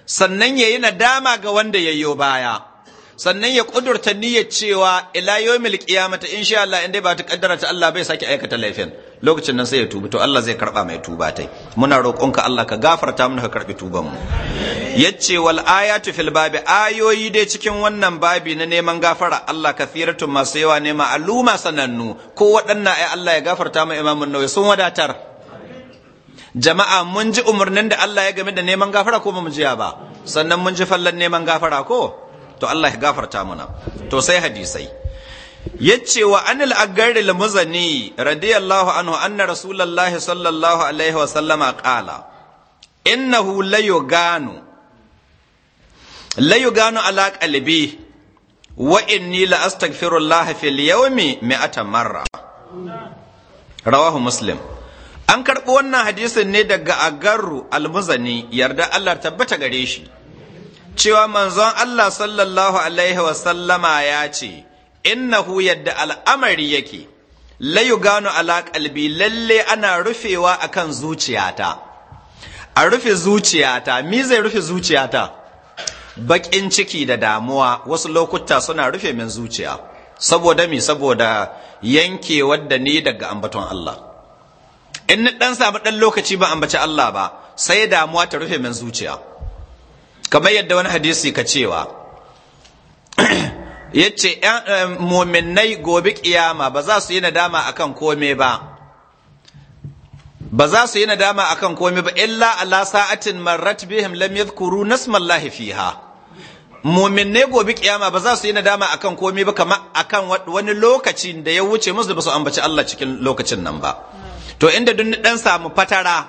sannan ya yi nadama ga wanda ya yo baya sannan ya ƙudurta niyyar cewa ila yawmil qiyamata insha Allah in dai ba ta kaddara ta Allah bai sake aikata laifin lokacin nan sai ya tubi to Allah zai karba mai tuba tai muna roƙonka Allah ka gafarta mana ka karbi tuban mu yace wal ayatu fil babi ayoyi dai cikin wannan babi na neman gafara Allah kafiratun masu yawa ne ma'aluma sanannu ko waɗannan ai Allah ya gafarta ma imamun nawai sun wadatar jama'a mun ji umarnin da Allah ya game da neman gafara ko ba mu jiya ba sannan mun ji fallan neman gafara ko to Allah ya gafarta muna to sai hadisai yace wa anil agarri muzani radiyallahu anhu anna rasulullahi sallallahu alaihi wa sallama qala innahu la yuganu la yuganu ala qalbi wa inni la astaghfirullah fil yawmi mi'ata marra rawahu muslim an karɓi wannan hadisin ne daga agarru almuzani yarda Allah tabbata gare shi cewa manzon Allah sallallahu alaihi wasallama ya ce innahu yadda al'amari yake layu gano alaƙalbi lalle ana rufewa a kan zuciyata a rufe zuciyata mi zai rufe zuciyata Baƙin ciki da damuwa wasu lokuta suna rufe min zuciya saboda mi saboda yanke wadda ni daga ambaton Allah in na ɗan samu ɗan lokaci ba ambaci Allah ba sai damuwa ta rufe min zuciya kamar yadda wani hadisi ka cewa ya yace muminai gobe kiyama ba za su yi nadama kan kome ba ba za su yi nadama kan kome ba illa ala sa'atin marrat bihim lam yadhkuru nasmallahi fiha muminai gobe kiyama ba za su yi nadama kan komai ba kama kan wani lokacin da ya wuce musu da ba su ambaci Allah cikin lokacin nan ba to inda duk dan samu fatara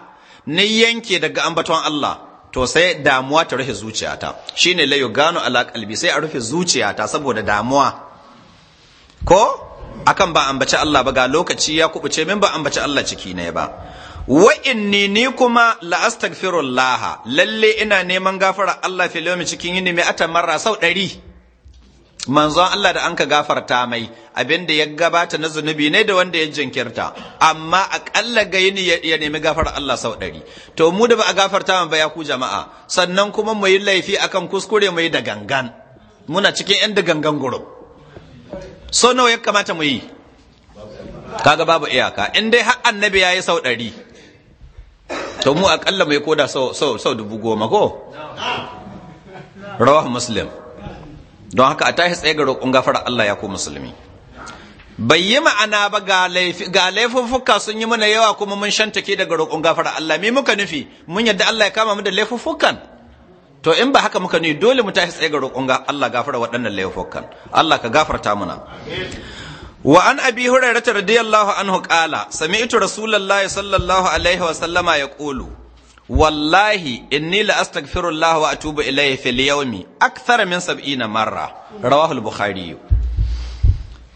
ni yanke daga ambaton Allah to sai damuwa ta rufe zuciyata shine la yugano ala qalbi sai a rufe zuciyata saboda damuwa ko akan ba ambaci Allah ba ga lokaci ya kubuce min ba ambaci Allah ciki ne ba wa inni ni kuma la astaghfirullah lalle ina neman gafara Allah filomi cikin yini mai atamarra sau ɗari. manzon Allah da an ka gafarta mai abin da ya gabata na zunubi ne da wanda ya jinkirta amma akalla ga yini ya nemi gafar Allah sau ɗari to mu da ba a gafarta ba ya ku jama'a sannan kuma mu yi laifi akan kuskure mu da gangan muna cikin yan da gangan guro so nawa ya kamata mu yi kaga babu iyaka in dai har annabi ya yi sau ɗari to mu akalla mu yi koda sau dubu goma ko rawah muslim don haka a tashi tsaye ga roƙon gafara Allah ya ku musulmi bai yi ma'ana ba ga laifuffuka sun yi mana yawa kuma mun shanta ke daga roƙon gafara Allah me muka nufi mun yadda Allah ya kama mu da laifuffukan to in ba haka muka ne dole mu tashi tsaye ga roƙon Allah gafara waɗannan laifukan Allah ka gafarta muna wa an abi hurairata radiyallahu anhu qala sami'tu rasulullahi sallallahu alaihi wa sallama yaqulu wallahi inni la astaghfirullah wa atubu ilayhi fil yawmi akthara min 70 marra rawahu al-bukhari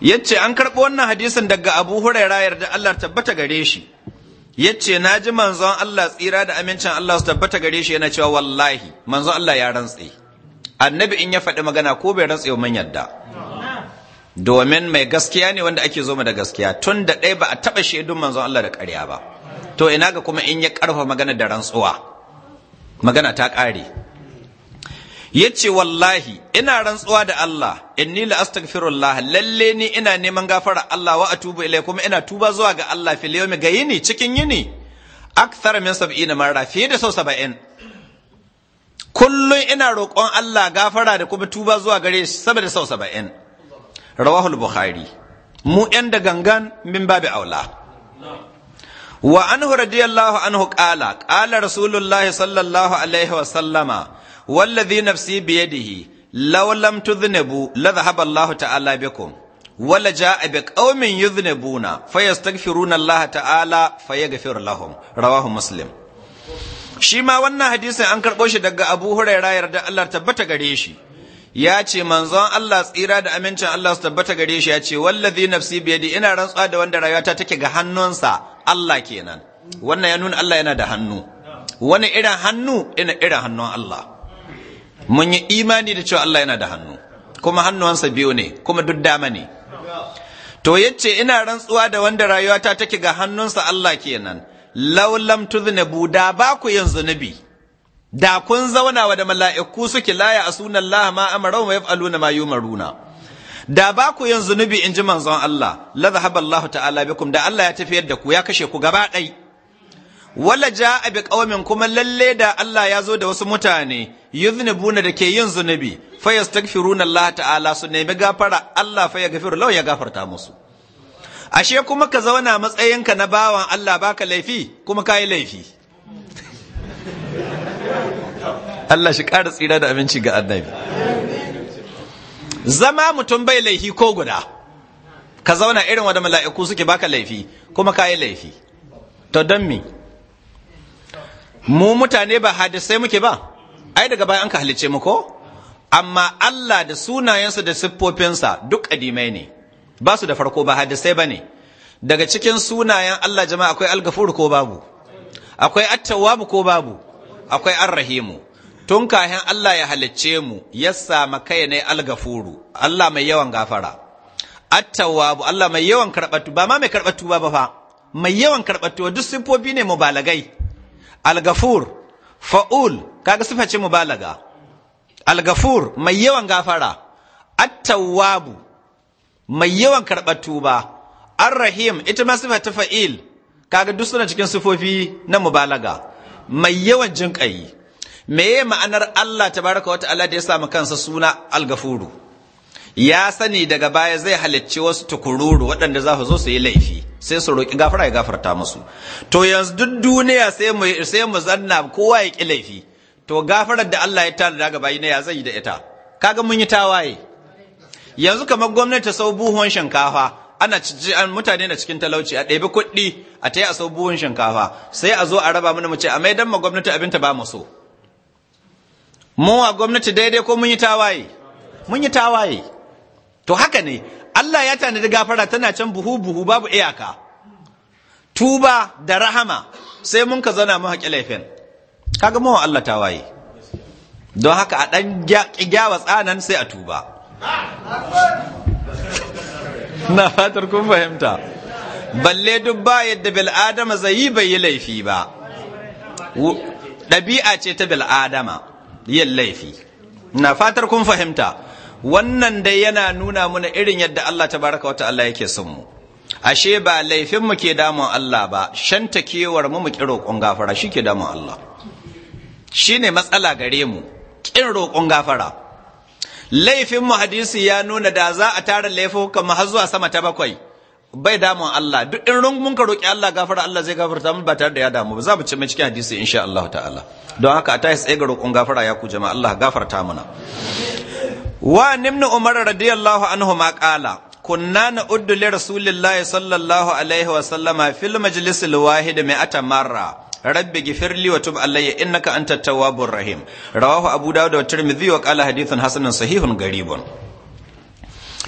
yace an karbo wannan hadisin daga Abu Hurairah yarda Allah tabbata gare shi yace naji manzon Allah tsira da amincin Allah su tabbata gare shi yana cewa wallahi manzon Allah ya rantse annabi in ya faɗi magana ko bai rantse man yadda domin mai gaskiya ne wanda ake zo da gaskiya tun da ɗaya ba a taɓa shaidun manzon Allah da ƙarya ba to ina ga kuma in ya karfa magana da rantsuwa magana ta ƙare ya ce wallahi ina rantsuwa da Allah inni la astaghfirullah lalle ni ina neman gafara Allah wa atubu ilai kuma ina tuba zuwa ga Allah fil yawmi ga yini cikin yini akthar min sab'ina marra fiye da sau 70 kullun ina roƙon Allah gafara da kuma tuba zuwa gare shi saboda sau 70 rawahul bukhari mu yan da gangan min babu aula wa anhu radiyallahu anhu qala qala rasulullahi sallallahu alaihi wa sallama wallazi nafsi biyadihi law lam tudhnibu la dhahaba Allah ta'ala bikum wala ja'a bi qaumin yudhnibuna fayastaghfiruna Allah ta'ala fayaghfir rawahu muslim shi ma wannan hadisin an karɓo shi daga Abu Hurairah yarda Allah tabbata gare shi ya ce manzon Allah tsira da amincin Allah su tabbata gare shi ya ce wallazi nafsi biyadi ina rantsuwa da wanda rayuwata take ga hannunsa Allah kenan wannan ya nuna Allah yana da hannu wani irin hannu ina irin hannun Allah mun yi imani da cewa Allah yana da hannu kuma hannuwansa biyu ne kuma duk dama ne to yace ina rantsuwa da wanda rayuwata take ga hannunsa Allah kenan laulam tuzne da ba ku yin zunubi da kun zauna wa da mala'iku suke laya a sunan Allah ma amarau mai yaf'aluna ma yumaruna da ba ku yin zunubi in ji manzon Allah la zahaba Allah ta'ala bikum da Allah ya tafiyar da ku ya kashe ku gaba ɗai wala a bi qaumin kuma lalle da Allah ya zo da wasu mutane yuznibuna da ke yin zunubi fa yastaghfiruna Allah ta'ala su nemi gafara Allah fa ya gafiru lau ya gafarta musu ashe kuma ka zauna matsayinka na bawan Allah baka laifi kuma yi laifi Allah shi ƙara tsira da aminci ga annabi zama mutum bai laifi ko guda ka zauna irin wanda mala'iku suke baka laifi kuma ka yi laifi to don mi mu mutane ba hadisai muke ba ai daga bayan ka halice mu ko amma Allah da sunayensa da siffofinsa duk ƙadimai ne ba su da farko ba hadisai ba ne daga cikin sunayen Allah jama'a akwai algafuru ko babu akwai attawabu ko babu akwai arrahimu tun kahin Allah ya halicce mu yassa makai ne algafuru Allah mai yawan gafara at Allah mai yawan karbatu ba ma mai karbatu ba fa mai yawan karbatu duk sifofi ne mubalagai balagai. AlGafur, fa'ul kaga sifa ce mubalaga AlGafur mai yawan gafara at mai yawan karbatu ba ArRahim ita ma sifa ta fa'il kaga duk suna cikin sifofi na mubalaga mai yawan jinƙayi meye ma'anar Allah ta baraka wata ta'ala da ya samu kansa suna algafuru ya sani daga baya zai halicci wasu tukururu waɗanda za su zo su yi laifi sai su roƙi gafara ya gafarta musu to yanzu duk duniya sai mu sai mu zanna kowa ya ki laifi to gafarar da Allah ya tada daga bayi ne ya zai da ita kaga mun yi tawaye yanzu kamar gwamnati sau buhun shinkafa ana mutane na cikin talauci a ɗebi kuɗi a ta a sau buhun shinkafa sai a zo a raba mana mu ce a maidan ma gwamnati abinta ba mu so mu a gwamnati daidai ko mun yi tawaye mun yi tawaye to haka ne Allah ya tanadi gafara tana can buhu buhu babu iyaka tuba da rahama sai mun ka zana mu haƙi laifin kaga mu Allah tawaye don haka a ɗan gyawa tsanan sai a tuba na fatar kun fahimta balle duk ba yadda adama zai yi bai yi laifi ba ɗabi'a ce ta adama yin laifi na fatar kun fahimta wannan dai yana nuna muna irin yadda Allah Ta baraka wata Allah yake sun mu ashe ba laifinmu ke damun Allah ba shanta kewar mu mu roƙon gafara shi ke damun Allah Shi ne matsala gare mu ƙin roƙon gafara Laifinmu hadisi ya nuna da za a tara laifuka mu har zuwa sama ta bakwai bai damun Allah duk in rungun ka roƙi Allah gafara Allah zai gafarta mu ba tare da ya damu ba za mu ci mai cikin hadisi insha Allah ta'ala don haka a tayi tsaye ga roƙon gafara ya ku jama'a Allah gafarta mana wa nimnu umar radiyallahu anhu ma qala kunna uddu li rasulillahi sallallahu alaihi wa sallama fil majlis al wahid mi'ata marra rabbi gifirli wa tub alayya innaka antat tawwabur rahim rawahu abu dawud wa tirmidhi wa qala hadithun hasanun sahihun garibun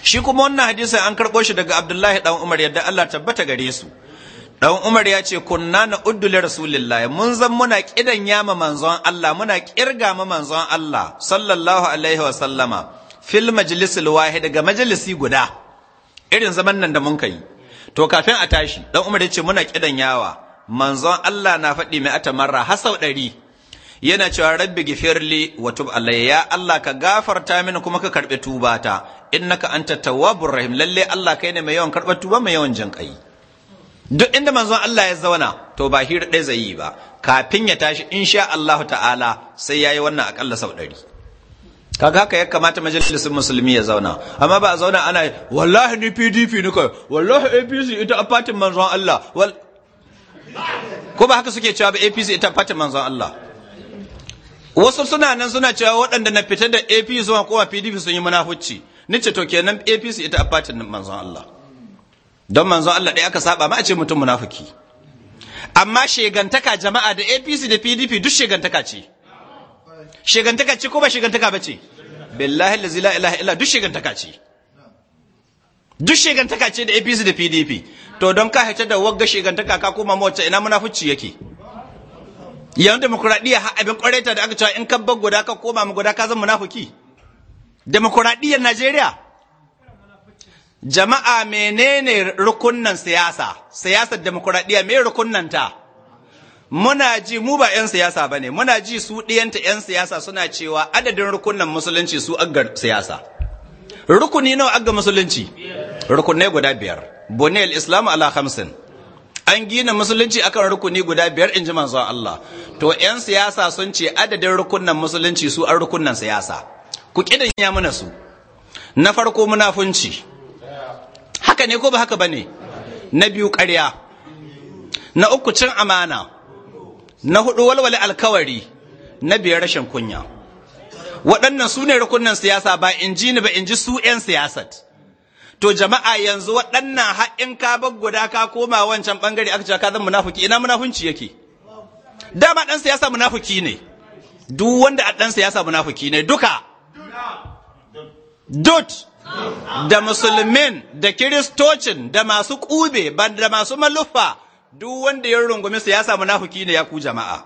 shi kuma wannan hadisin an karɓo shi daga abdullahi ɗan umar yadda allah tabbata gare su dan umar ya ce kunna na uddule rasulillah mun zan muna ƙidan yama manzon allah muna kirga ma manzon allah sallallahu alaihi wa sallama fil majlisil wahid daga majalisi guda irin zaman nan da mun kai to kafin a tashi ɗan umar ya ce muna kidan yawa manzon allah na faɗi mai atamarra har sau ɗari yana cewa rabbi gifirli wa tub alayya ya Allah ka gafarta mini kuma ka karbe tubata innaka anta tawwabur rahim lalle Allah kai ne mai yawan karbar tuba mai yawan jin duk inda manzon Allah ya zauna to ba hira dai zai yi ba kafin ya tashi insha Allah ta'ala sai yayi wannan akalla sau ɗari kaga haka ya kamata majalisun musulmi ya zauna amma ba a zauna ana wallahi ni pdp ni kai wallahi apc ita a fatin manzon allah ko ba haka suke cewa ba apc ita fatin manzon allah wasu suna nan suna cewa waɗanda na fita da APC zuwa kowa PDP sun yi munafuci ce to kenan APC ita abbatin manzon Allah don manzon Allah ɗaya aka saba ma a ce mutum munafiki amma shegantaka jama'a da APC da PDP duk shegantaka ce shegantaka ce ko ba shegantaka ba ce billahi la ilaha illa duk shegantaka ce duk shegantaka ce da APC da PDP to don ka hace da wagga shegantaka ka koma mota ina munafuci yake yawan demokuraɗiyya har abin ƙwareta da aka cewa in ka bar guda ka koma mu guda ka zan munafuki demokuraɗiyyar najeriya jama'a menene rukunnan siyasa siyasar demokuraɗiyya me ta? muna ji mu ba 'yan siyasa ba ne muna ji su ɗiyanta 'yan siyasa suna cewa adadin rukunnan musulunci su agga siyasa rukuni nawa agga musulunci rukunai guda biyar bonel islam ala hamsin an gina musulunci akan rukuni guda biyar in ji manzon Allah to 'yan siyasa sun ce adadin rukunan musulunci su an rukunan siyasa ku kidan ya muna su na farko munafunci haka ne ko ba haka bane na biyu ƙarya na uku cin amana na hudu walwale alkawari na biyar rashin kunya waɗannan su ne rukunan siyasa ba in ji ni ba in ji su 'yan siyasat to jama'a yanzu waɗannan haɗin ka bar guda ka koma wancan ɓangare aka ce ka zan munafuki. ina munafunci yake dama ɗan siyasa munafuki ne duk wanda a ɗan siyasa munafuki ne duka dut da musulmin da kiristocin da masu ƙube da masu maluffa duk wanda ya rungumi siyasa munafuki ne ya ku jama'a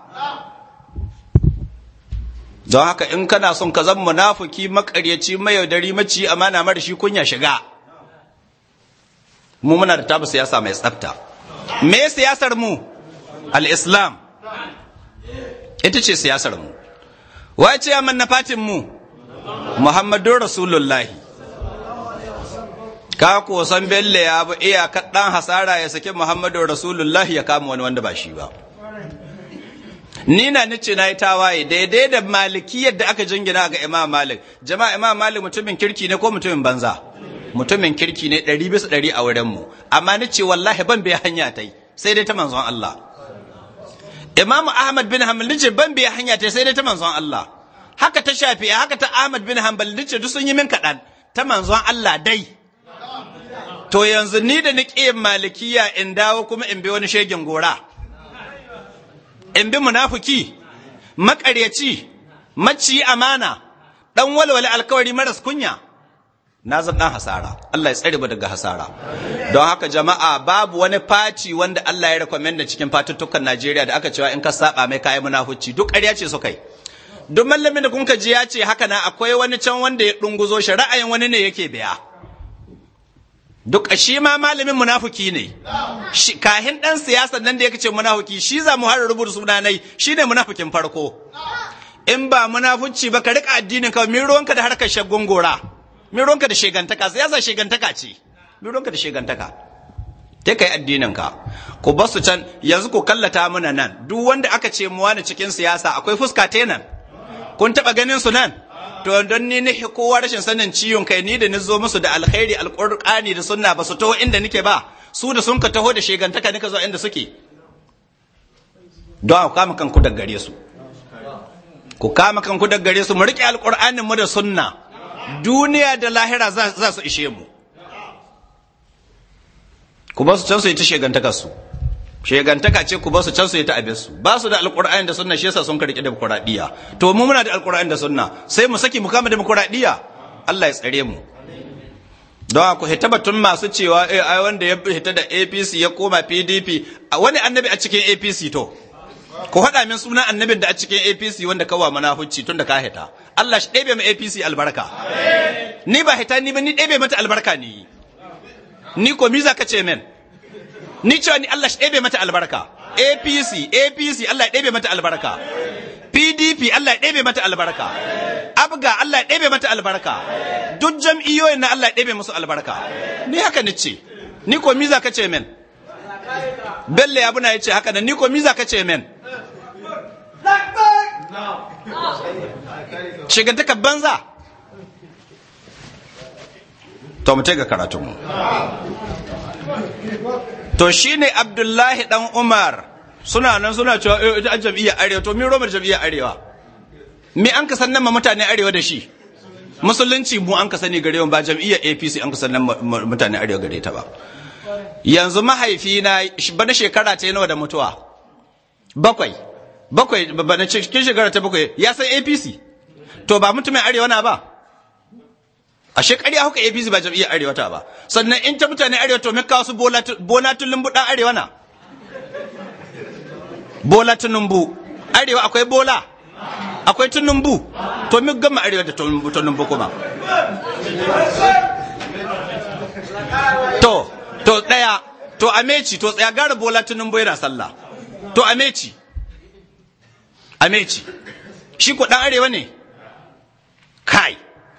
don haka in kana son ka zama munafuki makaryaci mayaudari maci amana mara shi kunya shiga mu muna da tabu siyasa mai tsafta me siyasar mu al-islam ita ce siyasar mu Wace ce na fatin mu Muhammadu rasulullahi ka ko san belle ya bu iya kaɗan hasara ya saki Muhammadu rasulullahi ya kama wani wanda ba shi ba ni na na yi tawaye daidai da malikiyar da aka jingina ga imam malik jama'a imam malik mutumin kirki ne ko mutumin banza mutumin kirki ne ɗari bisa ɗari a wurinmu amma ni ce wallahi ban biya hanya ta sai dai ta manzon Allah Imam Ahmad bin Hanbal ni ce ban biya hanya ta sai dai ta manzon Allah haka ta shafi haka ta Ahmad bin Hanbal ni ce duk sun yi min kaɗan ta manzon Allah dai to yanzu ni da ni ƙiyin malikiya in dawo kuma in bi wani shegin gora in bi munafuki maƙaryaci maciyi amana ɗan walwale alkawari maras kunya na zan dan hasara Allah ya tsare mu daga hasara don haka jama'a babu wani faci wanda Allah ya recommend cikin fatuttukan Najeriya da aka cewa in ka saba mai kayan munafuci duk ƙarya ce su kai duk mallamin da kun ka ji ya ce haka na akwai wani can wanda ya dunguzo shi ra'ayin wani ne yake biya duk shi ma malamin munafuki ne kahin dan siyasa nan da yake ce munafuki shi za mu har rubuta sunanai shine munafukin farko in ba munafuci ba ka rika addinin ka mi ruwanka da harkar shaggungora me ronka da shegantaka siyasa shegantaka ce me ronka da shegantaka ta kai addininka ku basu can yanzu ku kallata mana nan duk wanda aka ce mu wani cikin siyasa akwai fuska ta nan kun taba ganin su nan to don ni ne kowa rashin sanin ciwon kai ni da ni zo musu da alkhairi alqur'ani da sunna ba su taho inda nike ba su da sun ka taho da shegantaka nika zo inda suke don ku kama kanku daggare su ku kama kanku daggare su mu riƙe alƙur'anin mu da sunna duniya da lahira za su ishe mu ku ba su can su yi ta shegantaka su shegantaka ce ku ba su can su yi ta abin su ba su da alkur'ani da sunna shi yasa sun karki demokuraɗiyya to mu muna da alkur'ani da sunna sai mu saki mu kama demokuraɗiyya Allah ya tsare mu don ku hita batun masu cewa eh, ai wanda ya hita da APC ya koma PDP wani annabi a cikin APC to ku haɗa min sunan annabin da a cikin APC wanda kawa munafuci tun da ka hita Allah shi ɗebe ma APC albarka ni ba hita ni ba ni ɗebe mata albarka ni ni ko miza ka ce men ni cewa ni Allah shi ɗebe mata albarka APC APC Allah ya ɗebe mata albarka PDP Allah ya ɗebe mata albarka abga Allah ya ɗebe mata albarka duk jam'iyyoyin na Allah ya ɗebe musu albarka ni haka ni ce ni ko miza ka ce men Bello ya buna ya ce haka nan ni ko miza ka ce men Shiga duka banza to mu ga mu. to shine abdullahi dan umar suna nan suna cewa eh, ita an jam'iyyar arewa to mi romar jam'iyyar arewa me an ka sannan ma mutane arewa da shi musulunci mu an ka sani gare ba jam'iyyar apc an ka sannan mutane arewa gare ta ba yanzu mahaifi na bana shekara ce nawa da mutuwa bakwai bakwai na cikin shekara ta bakwai ya san apc to ba mutumin arewa na ba a shekari huka apc ba jam'iyyar arewa ta ba sannan in ta mutane arewa to mai kawo su bola lumbu dan arewa na bola tunumbu arewa akwai bola akwai tunumbu to mai gama arewa da tunumbu kuma to to tsaya to ameci to tsaya gara bola tunumbu yana sallah to ameci ameci shi ko dan arewa ne kai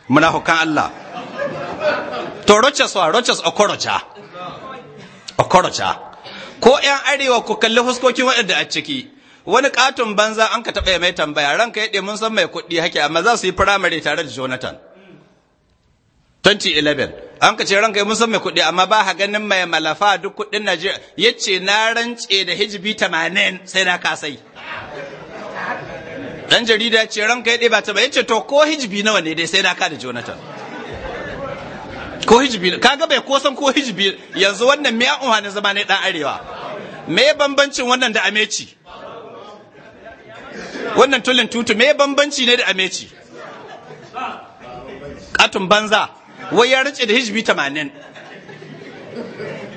munafukan Allah to rochas wa rochas okorocha okorocha ko yan arewa ku kalli huskokin waɗanda a ciki wani katon banza an ka taɓa mai tambaya ranka yaɗe mun san mai kuɗi hake amma za su yi firamare tare da jonathan 2011 an ka ce ranka mun san mai kuɗi amma ba ha ganin mai malafa duk kuɗin najeriya ya ce na rance da hijibi 80 sai na kasai dan jarida ce ranka ya ɗeba ta ba ce to ko hijibi nawa ne dai sai na kada Jonathan ko hijibi kaga bai ko san ko hijibi yanzu wannan me an wani zama ne dan arewa me bambancin wannan da ameci wannan tulin tutu me bambanci ne da ameci katun banza wai ya rice da hijibi 80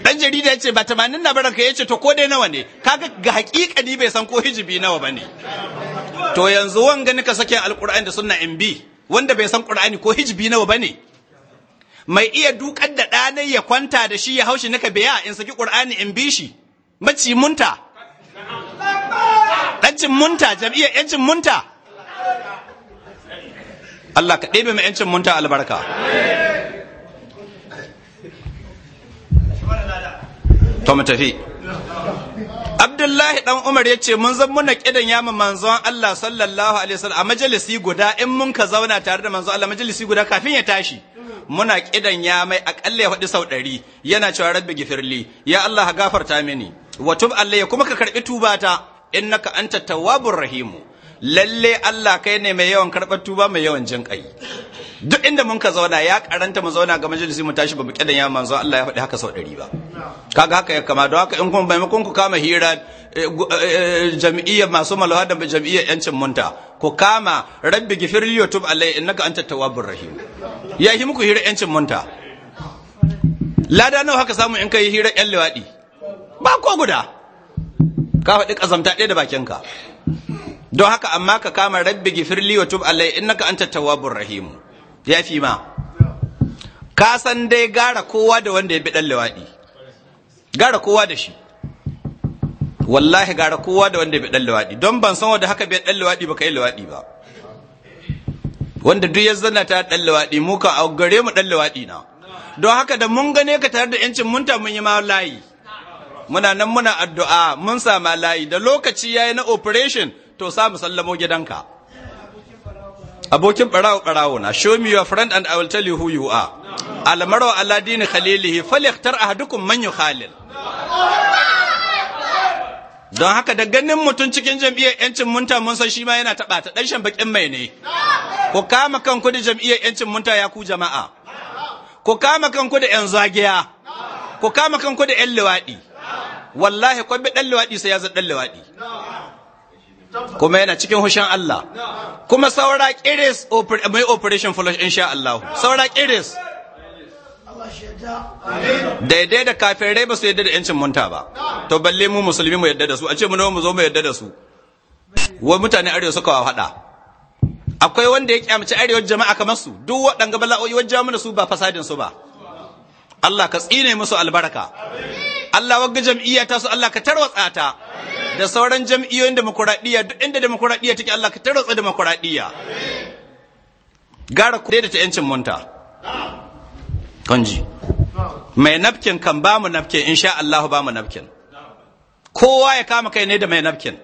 dan jarida ya ce ba tamanin na baraka ya ce to ko dai nawa ne kaga ga hakikani bai san ko hijibi nawa bane to yanzu wanga nika sake alqur'ani da sunna in bi wanda bai san qur'ani ko hijibi nawa bane mai iya dukar da ɗanai ya kwanta da shi ya haushi nika biya in saki qur'ani in bi shi maci munta Dancin munta jam'iyyar yancin munta Allah ka ɗebe mai yancin munta albarka to mu tafi Abdullahi dan Umar ya ce mun zan muna kidan mun manzon Allah sallallahu alaihi wasallam a majalisi guda in mun ka zauna tare da manzon Allah majalisi guda kafin ya tashi muna kidan ya mai akalla ya faɗi sau ɗari yana cewa rabbi gifirli ya Allah gafarta mini wa tub alayya kuma ka karbi tubata innaka anta tawwabur rahimu. lalle Allah kai ne mai yawan karbar tuba mai yawan jin kai duk inda mun ka zauna ya karanta mu zauna ga majalisi mu tashi bamu kidan ya manzo Allah ya faɗi haka sau ɗari ba kaga haka ya kama don haka in kun maimakon ku kama hira eh, eh, eh, jam'iyyar masu malaha da jam'iyyar yancin munta ku kama rabbi gifirli yutub alai innaka anta tawwabur rahim ya yi muku hira yancin munta lada nawa haka samu in kai hira yan liwadi ba ko guda ka faɗi kazamta ɗaya da bakinka don haka amma ka kama rabbi gifir wa tub alai innaka anta tawwabur rahim ya fi ma ka san dai gara kowa da wanda ya bi dan liwaɗi gara kowa da shi wallahi gara kowa da wanda ya bi dan liwaɗi don ban san wanda haka bi dan liwaɗi ba kai liwaɗi ba wanda duk ya zanna ta dan liwaɗi mu ka a gare mu dan liwaɗi na don haka da mun gane ka tare da yancin mun ta mun yi ma layi muna nan muna addu'a mun ma layi da lokaci yayi na operation to sa mu sallamo gidanka abokin barawo barawo na show me your friend and i will tell you who you are almaro ala dini khalilihi falyaktar ahadukum man yukhalil don haka da ganin mutum cikin jami'a yancin munta mun san shi ma yana taɓa ta ɗan bakin mai ne ku kama kanku da jami'a yancin munta ya ku jama'a ku kama kanku da yan zagiya ku kama kanku da yan liwaɗi wallahi bi ɗan luwaɗi sai ya za ɗan liwaɗi kuma yana cikin hushin Allah kuma saura kiris mai operation flush insha Allah saura kiris daidai da kafirai ba su yadda da yancin munta ba to balle mu musulmi mu yadda da su a ce mu mu zo mu yadda da su Wa mutane arewa suka hada akwai wanda ya kyamaci arewa jama'a kamar su duk waɗanga bala'o'i wajen mana su ba fasadin su ba Allah ka tsine musu albarka Allah wagga jam'iyya ta su Allah ka tarwatsa ta da sauran jam'iyoyin demokuraɗiyya duk inda demokuraɗiyya take Allah ka tarotsa demokuraɗiyya gara ku daidaita yancin munta kanji mai nafkin kan ba mu nafkin sha Allah ba mu nafkin kowa ya kama kai ne da mai nafkin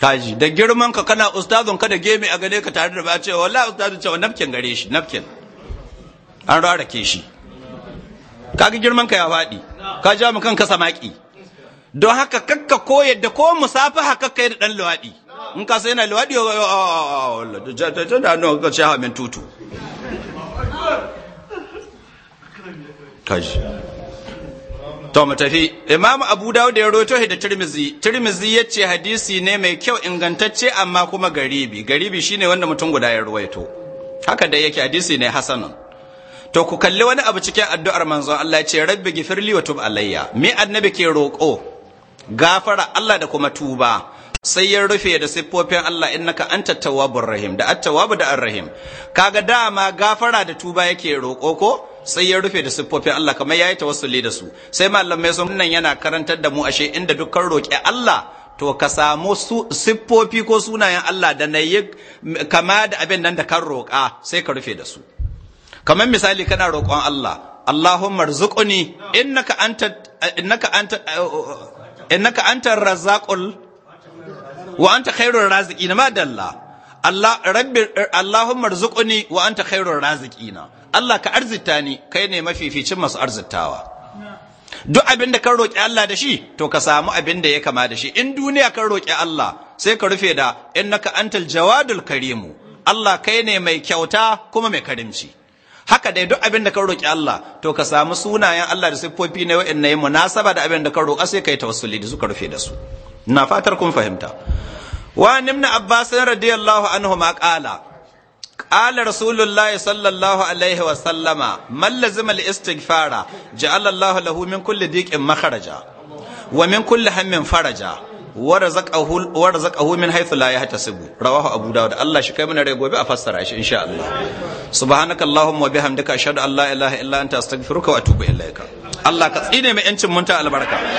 kaji da girman ka kana ustazun ka da gemi a gane ka tare da ba cewa wallahi ustazun cewa nafkin gare shi nafkin an rarake shi kaga girman ka ya faɗi ka ja mu kan kasa samaki don haka kakka koyar da ko haka kai da dan luwadi in ka sai yana luwadi da nan ka ce hamin tutu kaji to mu tafi imamu abu dawud ya roto da tirmizi tirmizi ya ce hadisi ne mai kyau ingantacce amma kuma garibi garibi shine wanda mutum guda ya ruwaito haka da yake hadisi ne hasanun to ku kalli wani abu cikin addu'ar manzon Allah ya ce rabbi gifirli wa tub alayya me annabi ke roƙo gafara Allah da kuma tuba sai ya rufe da siffofin Allah innaka anta tawwabur rahim da at-tawwabu da ar-rahim kaga dama gafara da tuba yake roko ko sai ya rufe da siffofin Allah kamar yayi tawassuli da su sai malamai sun nan yana karantar da mu ashe inda dukkan roƙe Allah to ka samu siffofi ko sunayen Allah da nayi kama da abin nan da kan roƙa sai ka rufe da su kamar misali kana roƙon Allah Allahumma rzuqni innaka anta innaka anta innaka antar razzaqul wa anta khairur raziqina madalla Allah rabbi Allahumma rzuqni wa anta khairur raziqina Allah ka arzita ni kai ne mafificin masu arzitawa duk abinda kan roƙi Allah da shi to ka samu abin da ya kama da shi in duniya kan roƙi Allah sai ka rufe da innaka antal jawadul karimu Allah kai ne mai kyauta kuma mai karimci haka dai duk abinda ka roƙi Allah to ka samu sunayen Allah da siffofi na wa'in na yi munasaba da abin da ka roƙa sai ka yi tawassuli da su rufe da su na fatar kun fahimta wa nimna abbas radiyallahu anhu ma qala qala rasulullahi sallallahu alaihi wa sallama mal lazima al-istighfara ja'ala Allah lahu min kulli diqin makharaja wa min kulli hammin faraja warzaqahu min haythu la yahtasibu rawahu abu dawud Allah shi kai mana rai gobe a fassara shi insha Allah subhanaka allahumma wa bihamdika ashhadu an la ilaha illa anta astaghfiruka wa atubu ilaika Allah ka tsine mai yancin munta albarka